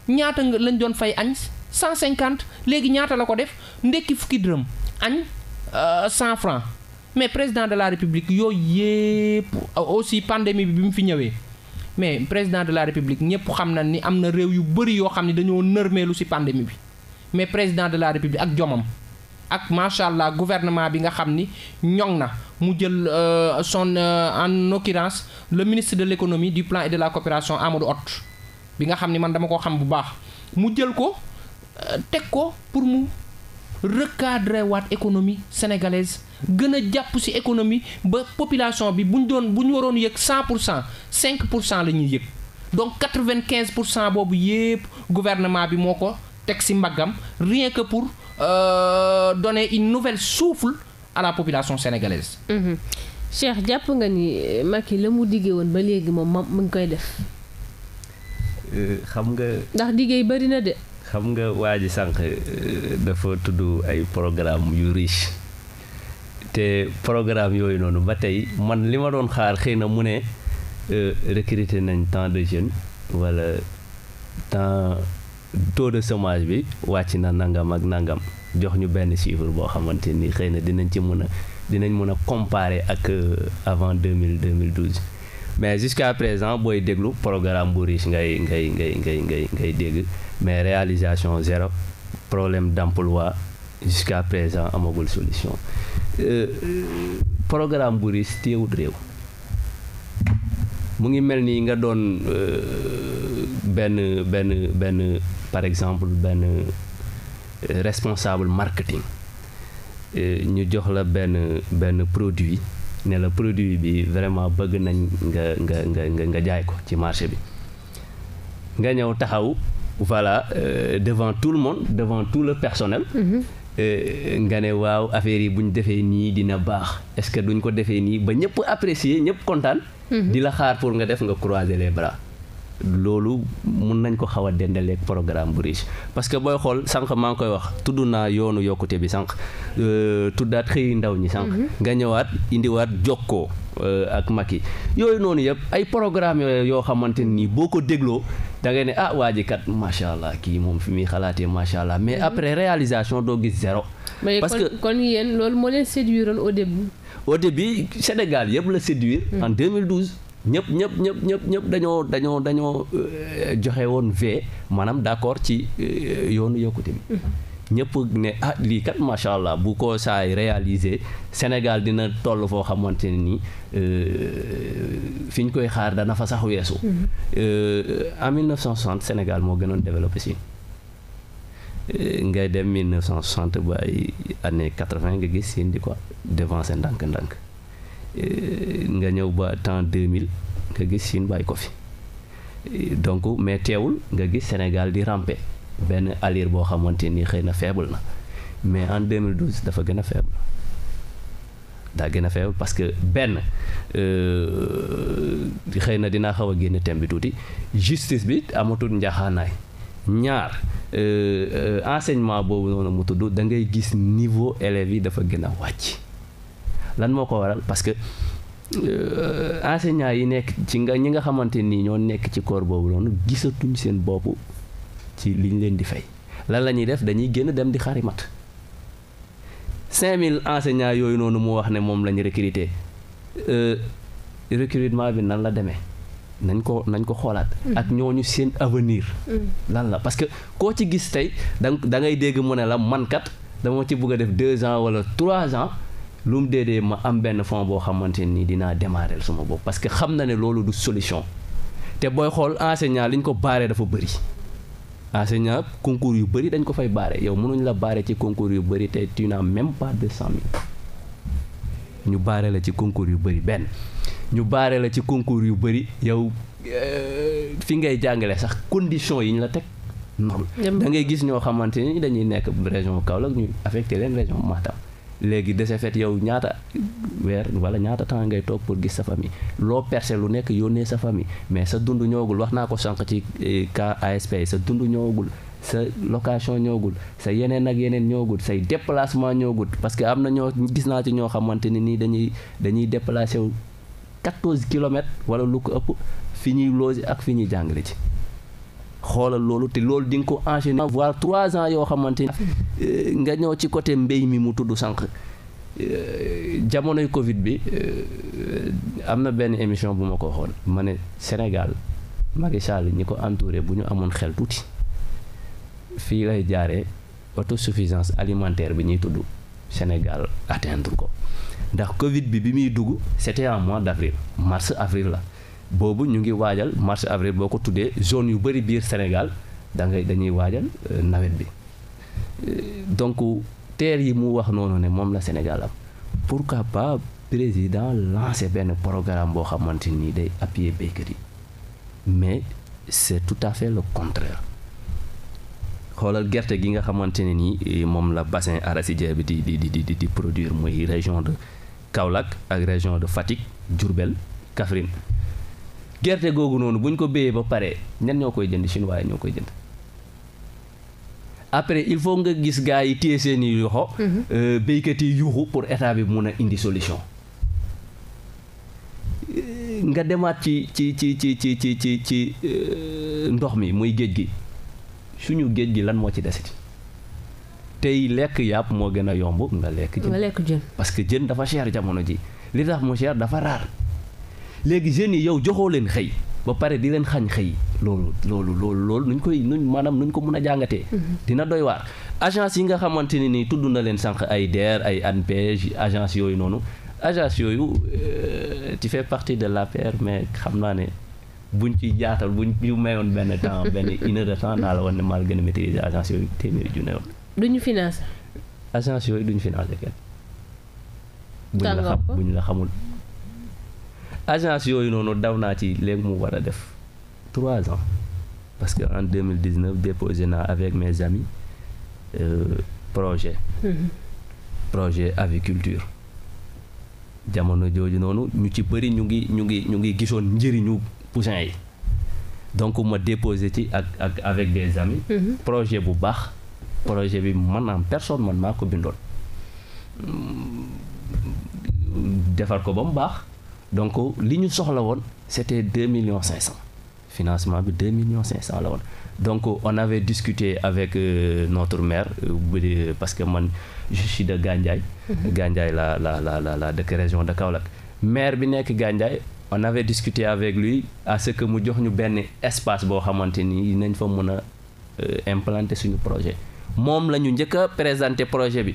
D: ñaata nga lañ doon fay añ cent cinquante léegi ñaata la ko def ndekki fukki dërëm añ euh, cent franc mais président de la république yooyu yépp aussi pandémie bi bi mu fi ñëwee mais président de la république ñëpp xam na ni am na réew yu bëri yoo xam ne dañoo nërmeelu ci pandémie bi mais président de la république ak jomam ak macha allah gouvernement bi nga xam ni ñoŋ na mu jël euh, son euh, en l'occurrence le ministre de l'économie du plan et de la coopération Amadou Hott bi nga xam ni man dama ko xam bu baax mu jël ko euh, teg ko pour mu recadrer waat économie sénégalaise gën a jàpp ci économie ba population bi bu ñu doon bu ñu waroon yëg 100 pour cent 5 pour cent la ñuy yëg donc 95 pour cent boobu yépp gouvernement bi moo ko teg ci mbaggam rien que pour euh,
A: donner une nouvelle souffle
D: à la population sénégalaise.
A: Mmh. jàpp nga ni euh, Macky la mu diggee woon ba léegi moom mu ngi koy def.
C: Euh, xam nga.
A: ndax diggee yi de.
C: xam nga waa ji sànq euh, dafa tudd ay programme yu riche te programme yooyu noonu ba tey man li ma doon xaar xëy na mu ne euh, recrité nañ temps de jeunes wala tant taux de chômage bi wàcc na nangam ak nangam jox ñu benn chiffre boo xamante ni xëy na dinañ ci mën a dinañ mën a comparer ak euh, avant 2000 2012 mais jusqu'à présent booy déglu programme bu riche ngay ngay ngay ngay ngay ngay dégg mais réalisation zéro problème d'emploi jusqu'à présent amagul solution euh, programme bu riche téewut réew mu ngi mel ni nga doon euh, benn benn benn par exemple benn euh, responsable marketing ñu jox la benn produits produit ne la produit bi vraiment bëgg nañ nga nga nga nga jaay ko ci marché bi nga ñëw taxaw voilà euh, devant tout le monde devant tout le personnel mhm. euh, nga ne waaw affaire yi bu ñu defee nii dina baax est-ce que duñ ko defee nii ba ñëpp apprécier ñëpp kontaan mhm. di la xaar pour nga def nga croiser les bras loolu mun nañ ko xaw a dendaleeg programme bu riche parce que booy xool sànq maa ngi koy wax tudd naa yoonu yokkute bi sànq euh, tuddaat xëy ndaw ñi sànq mhm. nga ñëwaat indiwaat jokkoo euh, ak Macky yooyu noonu yëpp ay programme yoo xamante nii boo ko dégloo da ngay ne ah waa ji kat macha allah kii moom fi muy xalaatee macha allah mais mhm. après réalisation doo gis zéro parce que
A: kon yéen loolu moo leen séduiroon au début
C: au début Sénégal yëpp la séduire mhm. en ñëpp ñëpp ñëpp ñëpp ñëpp dañoo dañoo dañoo euh, joxe woon V maanaam d'accord ci euh, yoonu yokkute bi
E: mm-hmm.
C: ñëpp ne ah lii kat macha allah bu ko saay réalisé Sénégal dina toll foo xamante ne nii euh, fi ñu koy xaar dana fa sax weesu. Mm-hmm. en 1960 Sénégal moo gënoon développé si. ngay dem 1960 ba ay année 80 nga gis yéen di ko devancé ndànk-ndànk. Euh, nga ñëw ba temps 2000 nga gis Chine bàyyi ko fi euh, donc mais teewul nga gis Sénégal di ramper benn allure boo xamante ni xëy na faible na mais en 2012 dafa gën a faible daa gën a faible parce que benn euh, xëy na dinaa xaw a génn thème bi tuuti justice bi amatul njaaxaanaay ñaar enseignement boobu noonu mu tudd da ngay gis niveau élèves yi dafa gën a wàcc. lan moo ko waral parce que euh, enseignants yi nekk ci nga ñi nga xamante nii ñoo nekk ci corps boobu noonu gisatuñ seen bopp ci li ñu leen di fay lan la ñuy def dañuy génn dem di xarimat 5000 enseignants yooyu noonu mu wax ne moom la ñu recruter euh, recrutement bi nan la demee nañ ko nañ ko xoolaat. Mm-hmm. ak ñooñu seen avenir. Mm-hmm. lan la parce que koo ci gis tey da da ngay dégg mu ne la man kat dama ci bëgg a def deux ans wala trois ans. lu mu dee dee ma am benn fond boo xamante nii dinaa démarrer suma bopp parce que xam na ne loolu du solution te booy xool enseignant li ko baaree dafa bëri enseignant concours yu bëri dañ ko fay baare yow mënuñ la baare ci concours yu bëri te tu n'as même pas deux la ci concours yu bëri benn ñu baare la ci concours yu bëri yow euh, fi ngay jàngale sax condition yi ñu la teg normal da ngay gis ñoo xamante ni dañuy nekk région Kaolack ñu affecté leen région Matam léegi de ce fait yow ñaata weer wala ñaata temps ngay toog pour gis sa famille loo percé lu nekk yónnee sa famille mais sa dund ñëwagul wax naa ko sànq ci eh, cas ASP sa dund ñëwagul sa location ñëwagul sa yeneen ak yeneen ñëwagul say déplacement ñëwagul parce que am na ñoo gis naa ci ñoo xamante ni nii dañuy dañuy déplacé wu 14 kilomètres wala lu ko ëpp fi ñuy loger ak fi ñuy jàngale ci. xoolal loolu te loolu di nga ko enchaîner voire trois ans yoo xamante ni euh, nga ñëw ci côté mbéy mi mu tudd sànq euh, jamonoy Covid bi euh, am na benn émission bu ma ko waxoon ma ne Sénégal Macky Sall ñi ko entouré bu ñu amoon xel tuuti fii lay jaaree autosuffisance alimentaire bi ñuy tudd Sénégal atteindre ko ndax Covid bi bi muy dugg c'était en mois d'avril mars avril la. boobu ñu ngi waajal mars avril boo ko tuddee zone yu bëri biir Sénégal da ngay dañuy waajal euh, nawet bi euh, donc terre yi mu wax noonu ne moom la Sénégal am pourquoi pas président lancer benn programme boo xamante ni day appuyer béykat yi mais c'est tout à fait le contraire xoolal gerte gi nga xamante ne ni eh, moom la bassin arachidier bi di di di di di produire muy région de Kaolack ak région de Fatick Diourbel Kaffrine gerte googu noonu buñ ko béyee ba pare ñan ñoo koy jënd chinois yi ñoo koy jënd après il faut nga gis gars yi téye seen i loxo. Mhm. Euh, béykat yi yuuxu pour état bi mun a indi solution. Euh, nga demaat ci ci ci ci ci ci ci ci euh, ndox mi muy géej gi suñu géej gi lan moo ci desiti tey lekk yàpp moo gën a yomb nga lekk jën parce que jën dafa cher jamono ji li tax mu cher dafa raar léegi jeunes yi yow joxoo leen xëy ba pare di leen xañ xëy loolu loolu loolu loolu nuñ koy nuñ maanaam nuñ ko mën a jàngatee. Mhm. dina doy waar agence yi nga xamante ne nii tudd na leen sànq ay DER ay ANPEJ agence yooyu noonu agence yooyu euh, tu fais partie de l'APR mais xam naa ne. buñ ci jaatal buñ ñu mayoon benn temps benn une de temps naa la woon ne maa gën a maîtriser agence yooyu téeméeri junne yoon.
A: duñu financé.
C: agence yooyu duñu financé kenn. buñ la xam buñ la xamul. agence yooyu noonu daw naa ci léegi mu war a def trois ans parce que en deux mille dix neuf déposé naa avec mes amis euh, projet. Mhm. projet aviculture. jamono jooju noonu ñu ci bëri ñu ngi ñu ngi ñu ngi gisoon njëriñu poussin yi donc ma déposé ci ak ak avec des amis. Mhm. projet bu baax. projet bi man en personne man maa ko bindoon defar ko ba mu baax. donc li ñu soxla woon c' était deux millions cinq cent financement bi deux millions cinq cent la woon donc on avait discuté avec euh, notre maire euh, euh parce que man je suis de Gandiaye. Mhm. Gandiaye la la la la la dëkk région de Kaolack maire bi nekk Gandiaye on avait discuté avec lui à ce que mu jox ñu benn espace boo xamante nii nañ fa mën a euh, implanter suñu projet moom la ñu njëkk a présenter projet bi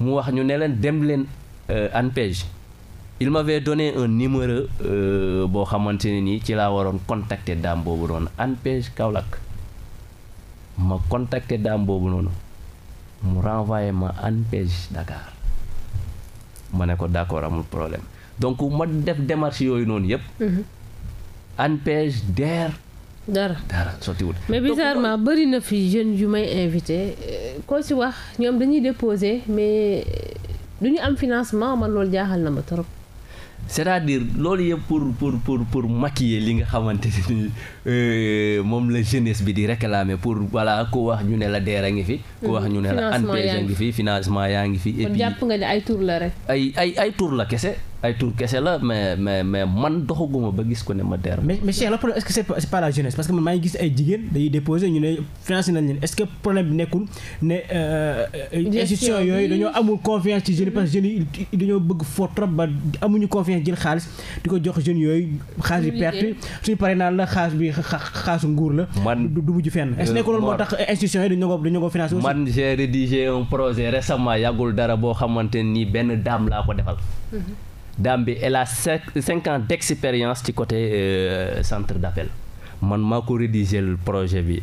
C: mu wax ñu ne leen dem leen euh, ANPEJ. il m'avait donné un numéro euh, boo xamante ne nii ci laa waroon contacter daam boobu noonu ANPEJ Kaolack ma contacter daam boobu noonu mu renvoyé ma ANPEJ Dakar ma ne ko d'accord amul problème donc ma def démarche yooyu noonu yëpp. ANPEJ mm-hmm. DER.
A: dara dara
C: sottiwul mais bizarrement
A: bëri na fi jeunes yu may invité koo ci wax ñoom dañuy déposer mais du ñu am financement man loolu jaaxal na ma trop.
C: c'est-à-dire loolu yëpp pour pour pour pour maquiller li nga xamante ni euh, moom la jeunesse bi di réclamer pour voilà ko wax ñu ne la DER a ngi fi. ku wax ñu ne la ANPEJ a ngi fi financement yaa ngi fi. et puis
A: nga ne ay tour la rek.
C: ay ay ay la kese. ay la mais mais mais man doxaguma ba gis ko ne ma DER. mais mais Cheikh la la jeunesse parce que man maa ngi gis ay jigéen dañuy
B: déposer ñu ne financé nañ leen est que problème bi nekkul ne. Euh, institution yooyu dañoo amul confiance ci jeunes parce que jeunes yi dañoo bëgg fort trop ba amuñu confiance jël xaalis di ko jox jeunes yooyu. xaalis yi perte suñu paree naan la xaalis bi xaasu nguur la. man du mujj fenn est-ce que nekkul loolu moo tax institution yooyu dañoo ko dañoo ko financé. man
C: j'ai rédigé un projet récemment yàggul dara boo xamante nii benn daam laa ko defal. Mm-hmm. daam bi elle a cinq ans d' ci côté euh, centre d' appel man maa ko rédiger le projet bi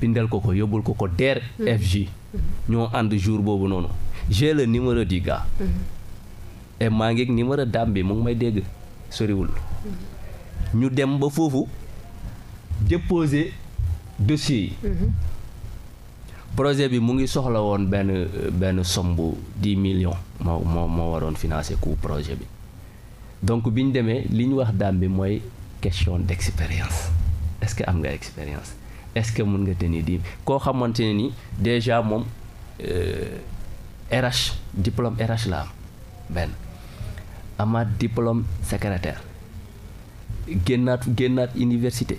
C: bindal ko ko yóbbul ko ko DER/FJ. Mm-hmm. ñoo ànd jour boobu noonu j'ai le numéro du gars.
E: Mm-hmm.
C: et maa ngi numéro daam bi mu ngi may dégg soriwul.
E: Mm-hmm.
C: ñu dem ba foofu déposer dossier yi. projet bi mu ngi soxla woon benn benn somme bu dix millions moo moo waroon financé ku projet bi donc bi ñu demee li ñu wax daam bi mooy question d' expérience est ce que am nga expérience est ce que mun nga tenir di koo xamante ne ni déjà moom RH euh, diplôme RH la am benn amaat diplôme secrétaire génnaat génnaat iniversité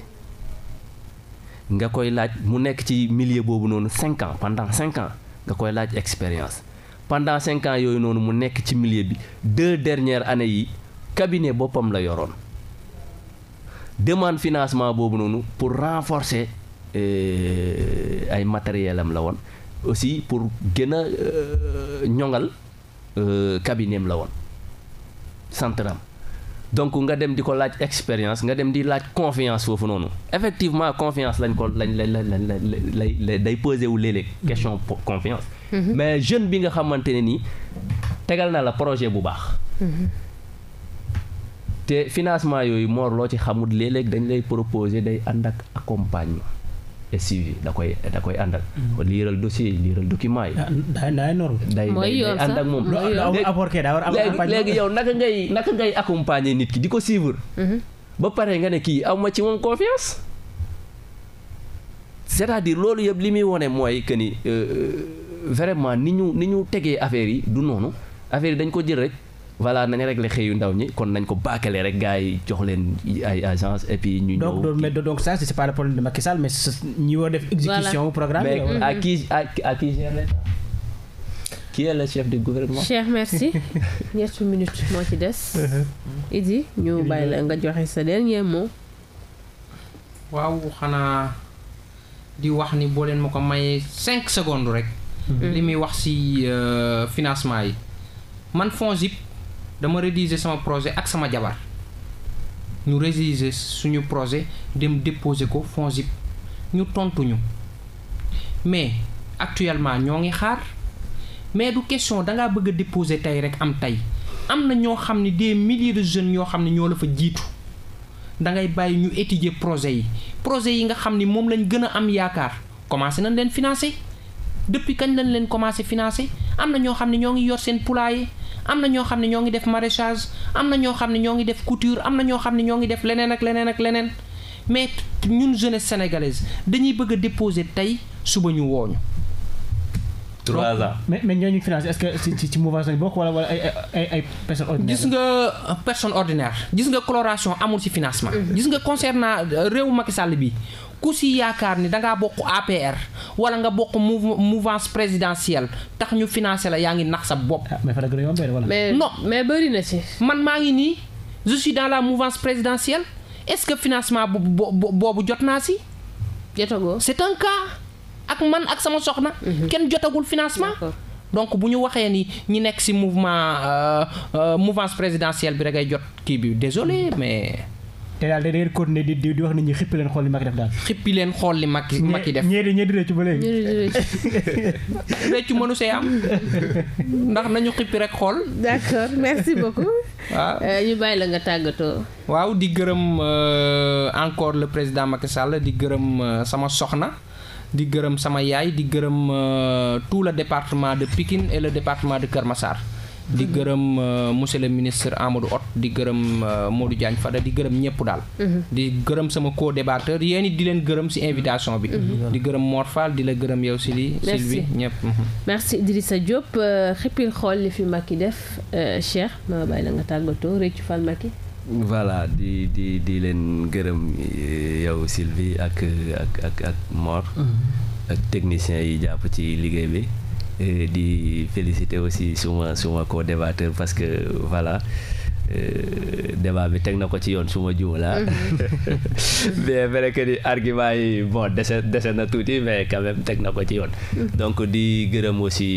C: nga koy laaj mu nekk ci milieu boobu noonu cinq ans pendant cinq ans nga koy laaj expérience pendant cinq ans yooyu noonu mu nekk ci millier bi deux dernières années yi cabinet boppam la yoroon demande financement boobu noonu pour renforcer euh, ay matériel am la woon aussi pour gën a euh, ñoŋal euh, cabinet am la woon centre donc nga dem di ko laaj expérience nga dem di laaj confiance foofu noonu effectivement confiance lañ ko lañ lañ lay lay day posé wu léeg-léeg question confiance. Mhm. mais jeune bi nga xamante ne nii tegal na la projet bu baax. Mhm. te financement yooyu moor loo ci xamul léeg dañ lay proposer day ànd ak accompagnement. suivi da koy da koy ànd àndal. Mm. liiral dossier yi liiral document yi.
B: day day norme.
C: day day ànd ak moom. léegi yow naka ngay mm-hmm. naka ngay accompagner nit ki di ko suivre. Mm-hmm. ba pare nga ne kii aw ma ci moom confiance. cest loolu yëpp li muy wone mooy que ni euh, euh, vraiment ni ñu ni ñu tegee affaire yi du noonu affaire yi dañ ko jël rek. voilà nañu régler xëyu ndaw ñi kon nañ ko bàkkale rek gars yi jox leen ay agence et puis ñu ñëw donc
B: mais donc ça c'est pas le problème de Macky Sall mais ñi war def exécution programme
A: ak à qui
C: à qui gère l'État qui est le chef du gouvernement cher
A: merci ñetti minutes moo ci des Idi ñu bàyyi la nga joxe sa dernier mot
D: waaw xanaa di wax ni boo leen ma ko mayee cinq secondes rek mm-hmm. li muy wax ci euh, financement yi man fonds yëpp dama rédiger sama projet ak sama jabar ñu rédiger suñu projet dem déposer ko FONGIP ñu tontuñu mais actuellement ñoo ngi xaar mais du question dangaa bëgg a déposer tey rek am tey am na ñoo xam ni des milliers de jeunes ñoo xam ne ñoo la fa jiitu dangay bàyyi ñu étudier projet yi projet yi nga xam ni moom lañ gën a am yaakaar commencé nañ leen financer depuis kañ lañ leen commencé financer am na ñoo xam ne ñoo ngi yor seen poulailler am na ñoo xam ne ñoo ngi def maraîchage am na ñoo xam ne ñoo ngi def couture am na ñoo xam ne ñoo ngi def leneen ak leneen ak leneen mais ñun jeunesse sénégalaise
B: dañuy bëgg a déposer tey suba ñu wooñu trois ans mais mais ñooñu financé est-ce que ci ci mouvance personne ordinaire
D: gis nga coloration amul ci financement. Mm-hmm. gis nga concernant euh, réew Macky Sall bi ku si yaakaar ni dangaa bokk APR wala nga bokk mouvance présidentielle tax ñu financé la yaa ngi nax sa bopp. Ah, mais fa wala. mais non mais bëri na si. man maa ngi nii je dans la mouvance présidentielle est-ce que financement boobu boobu jot naa si. jotagoo c'est ak man ak sama soxna. Mhm. kenn jotagul financement. donc bu ñu waxee ni ñi nekk ci mouvement euh, euh, mouvance présidentielle bi rek ay jot kii bi
B: désolé mhm. mais. te daal da ngeen continuer di di wax nañu ñi xippi leen xool li Macky def daal. xippi leen xool
D: li Macky Macky
B: def ñee ñee di rëccu ba
D: léegi.
A: rëccu mënu see am
D: ndax nañu xippi rek xool.
A: d'accord merci beaucoup. waaw euh, ñu bàyyi la nga tàggatoo.
D: waaw di gërëm encore la président Macky Sall di gërëm sama soxna. di gërëm sama yaay di gërëm euh, tout le département de Pikine et le département de Kër Massar. di mhm. gërëm euh, monsieur le ministre Amadou Hott di gërëm euh, Modou Diagne Fada di gërëm ñëpp daal. Mhm. di gërëm sama co-débatteur yéen di leen gërëm ci invitation bi. Mhm. di gërëm Mor Fall di la gërëm yow ci lii. Sylvie ñëpp.
A: merci sa Diop xippil xool li fi Macky def Cheikh ma bàyyi la nga tàggatoo Réccu Fall Macky.
C: voilà di di di leen gërëm eh, yow Sylvie ak ak ak ak Mor. Mm-hmm. ak technicien yi jàpp ci liggéey bi. Eh, di féliciter aussi suma suma co-débatteur parce que voilà. Eh, débat bi teg na ko ci yoon su ma juum la bien mm-hmm. vrai que ni argument yi bon dese dese na tuuti mais quand teg na ko ci yoon mm-hmm. donc di gërëm aussi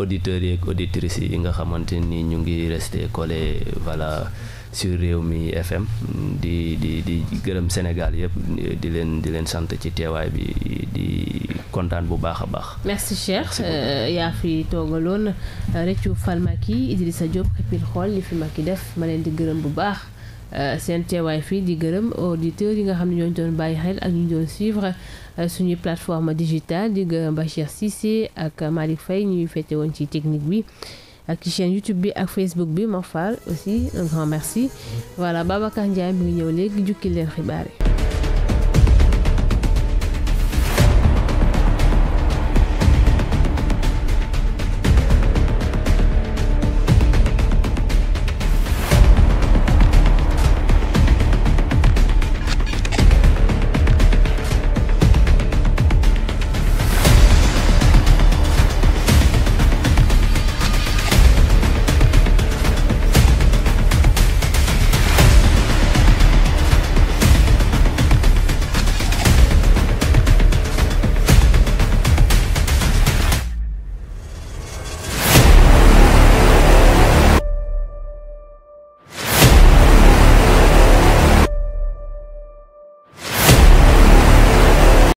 C: auditeurs yi ak auditrices yi nga xamante ni ñu ngi resté collé voilà sur mi FM di di di gërëm Sénégal yëpp di leen di leen sant ci teewaay bi di kontaan bu baax a baax.
A: merci Cheikh euh, yaa fi toogaloon Reccu Fall Macky Idrissa Diop xipil xool li fi mag ki def ma leen di gërëm bu baax. Euh, seen teewaay fii di gërëm auditeurs yi nga xam ne ñoo doon bàyyi xel ak ñu doon suivre euh, suñuy plateforme digitale di gërëm Bachir Cissé ak Malick Faye ñuy fete woon ci technique bi. ak ci chaîne YouTube bi ak Facebook bi Mor Fall aussi un grand merci voilà Babacar Ndiaye mu ngi ñëw léegi jukki leen xibaar yi.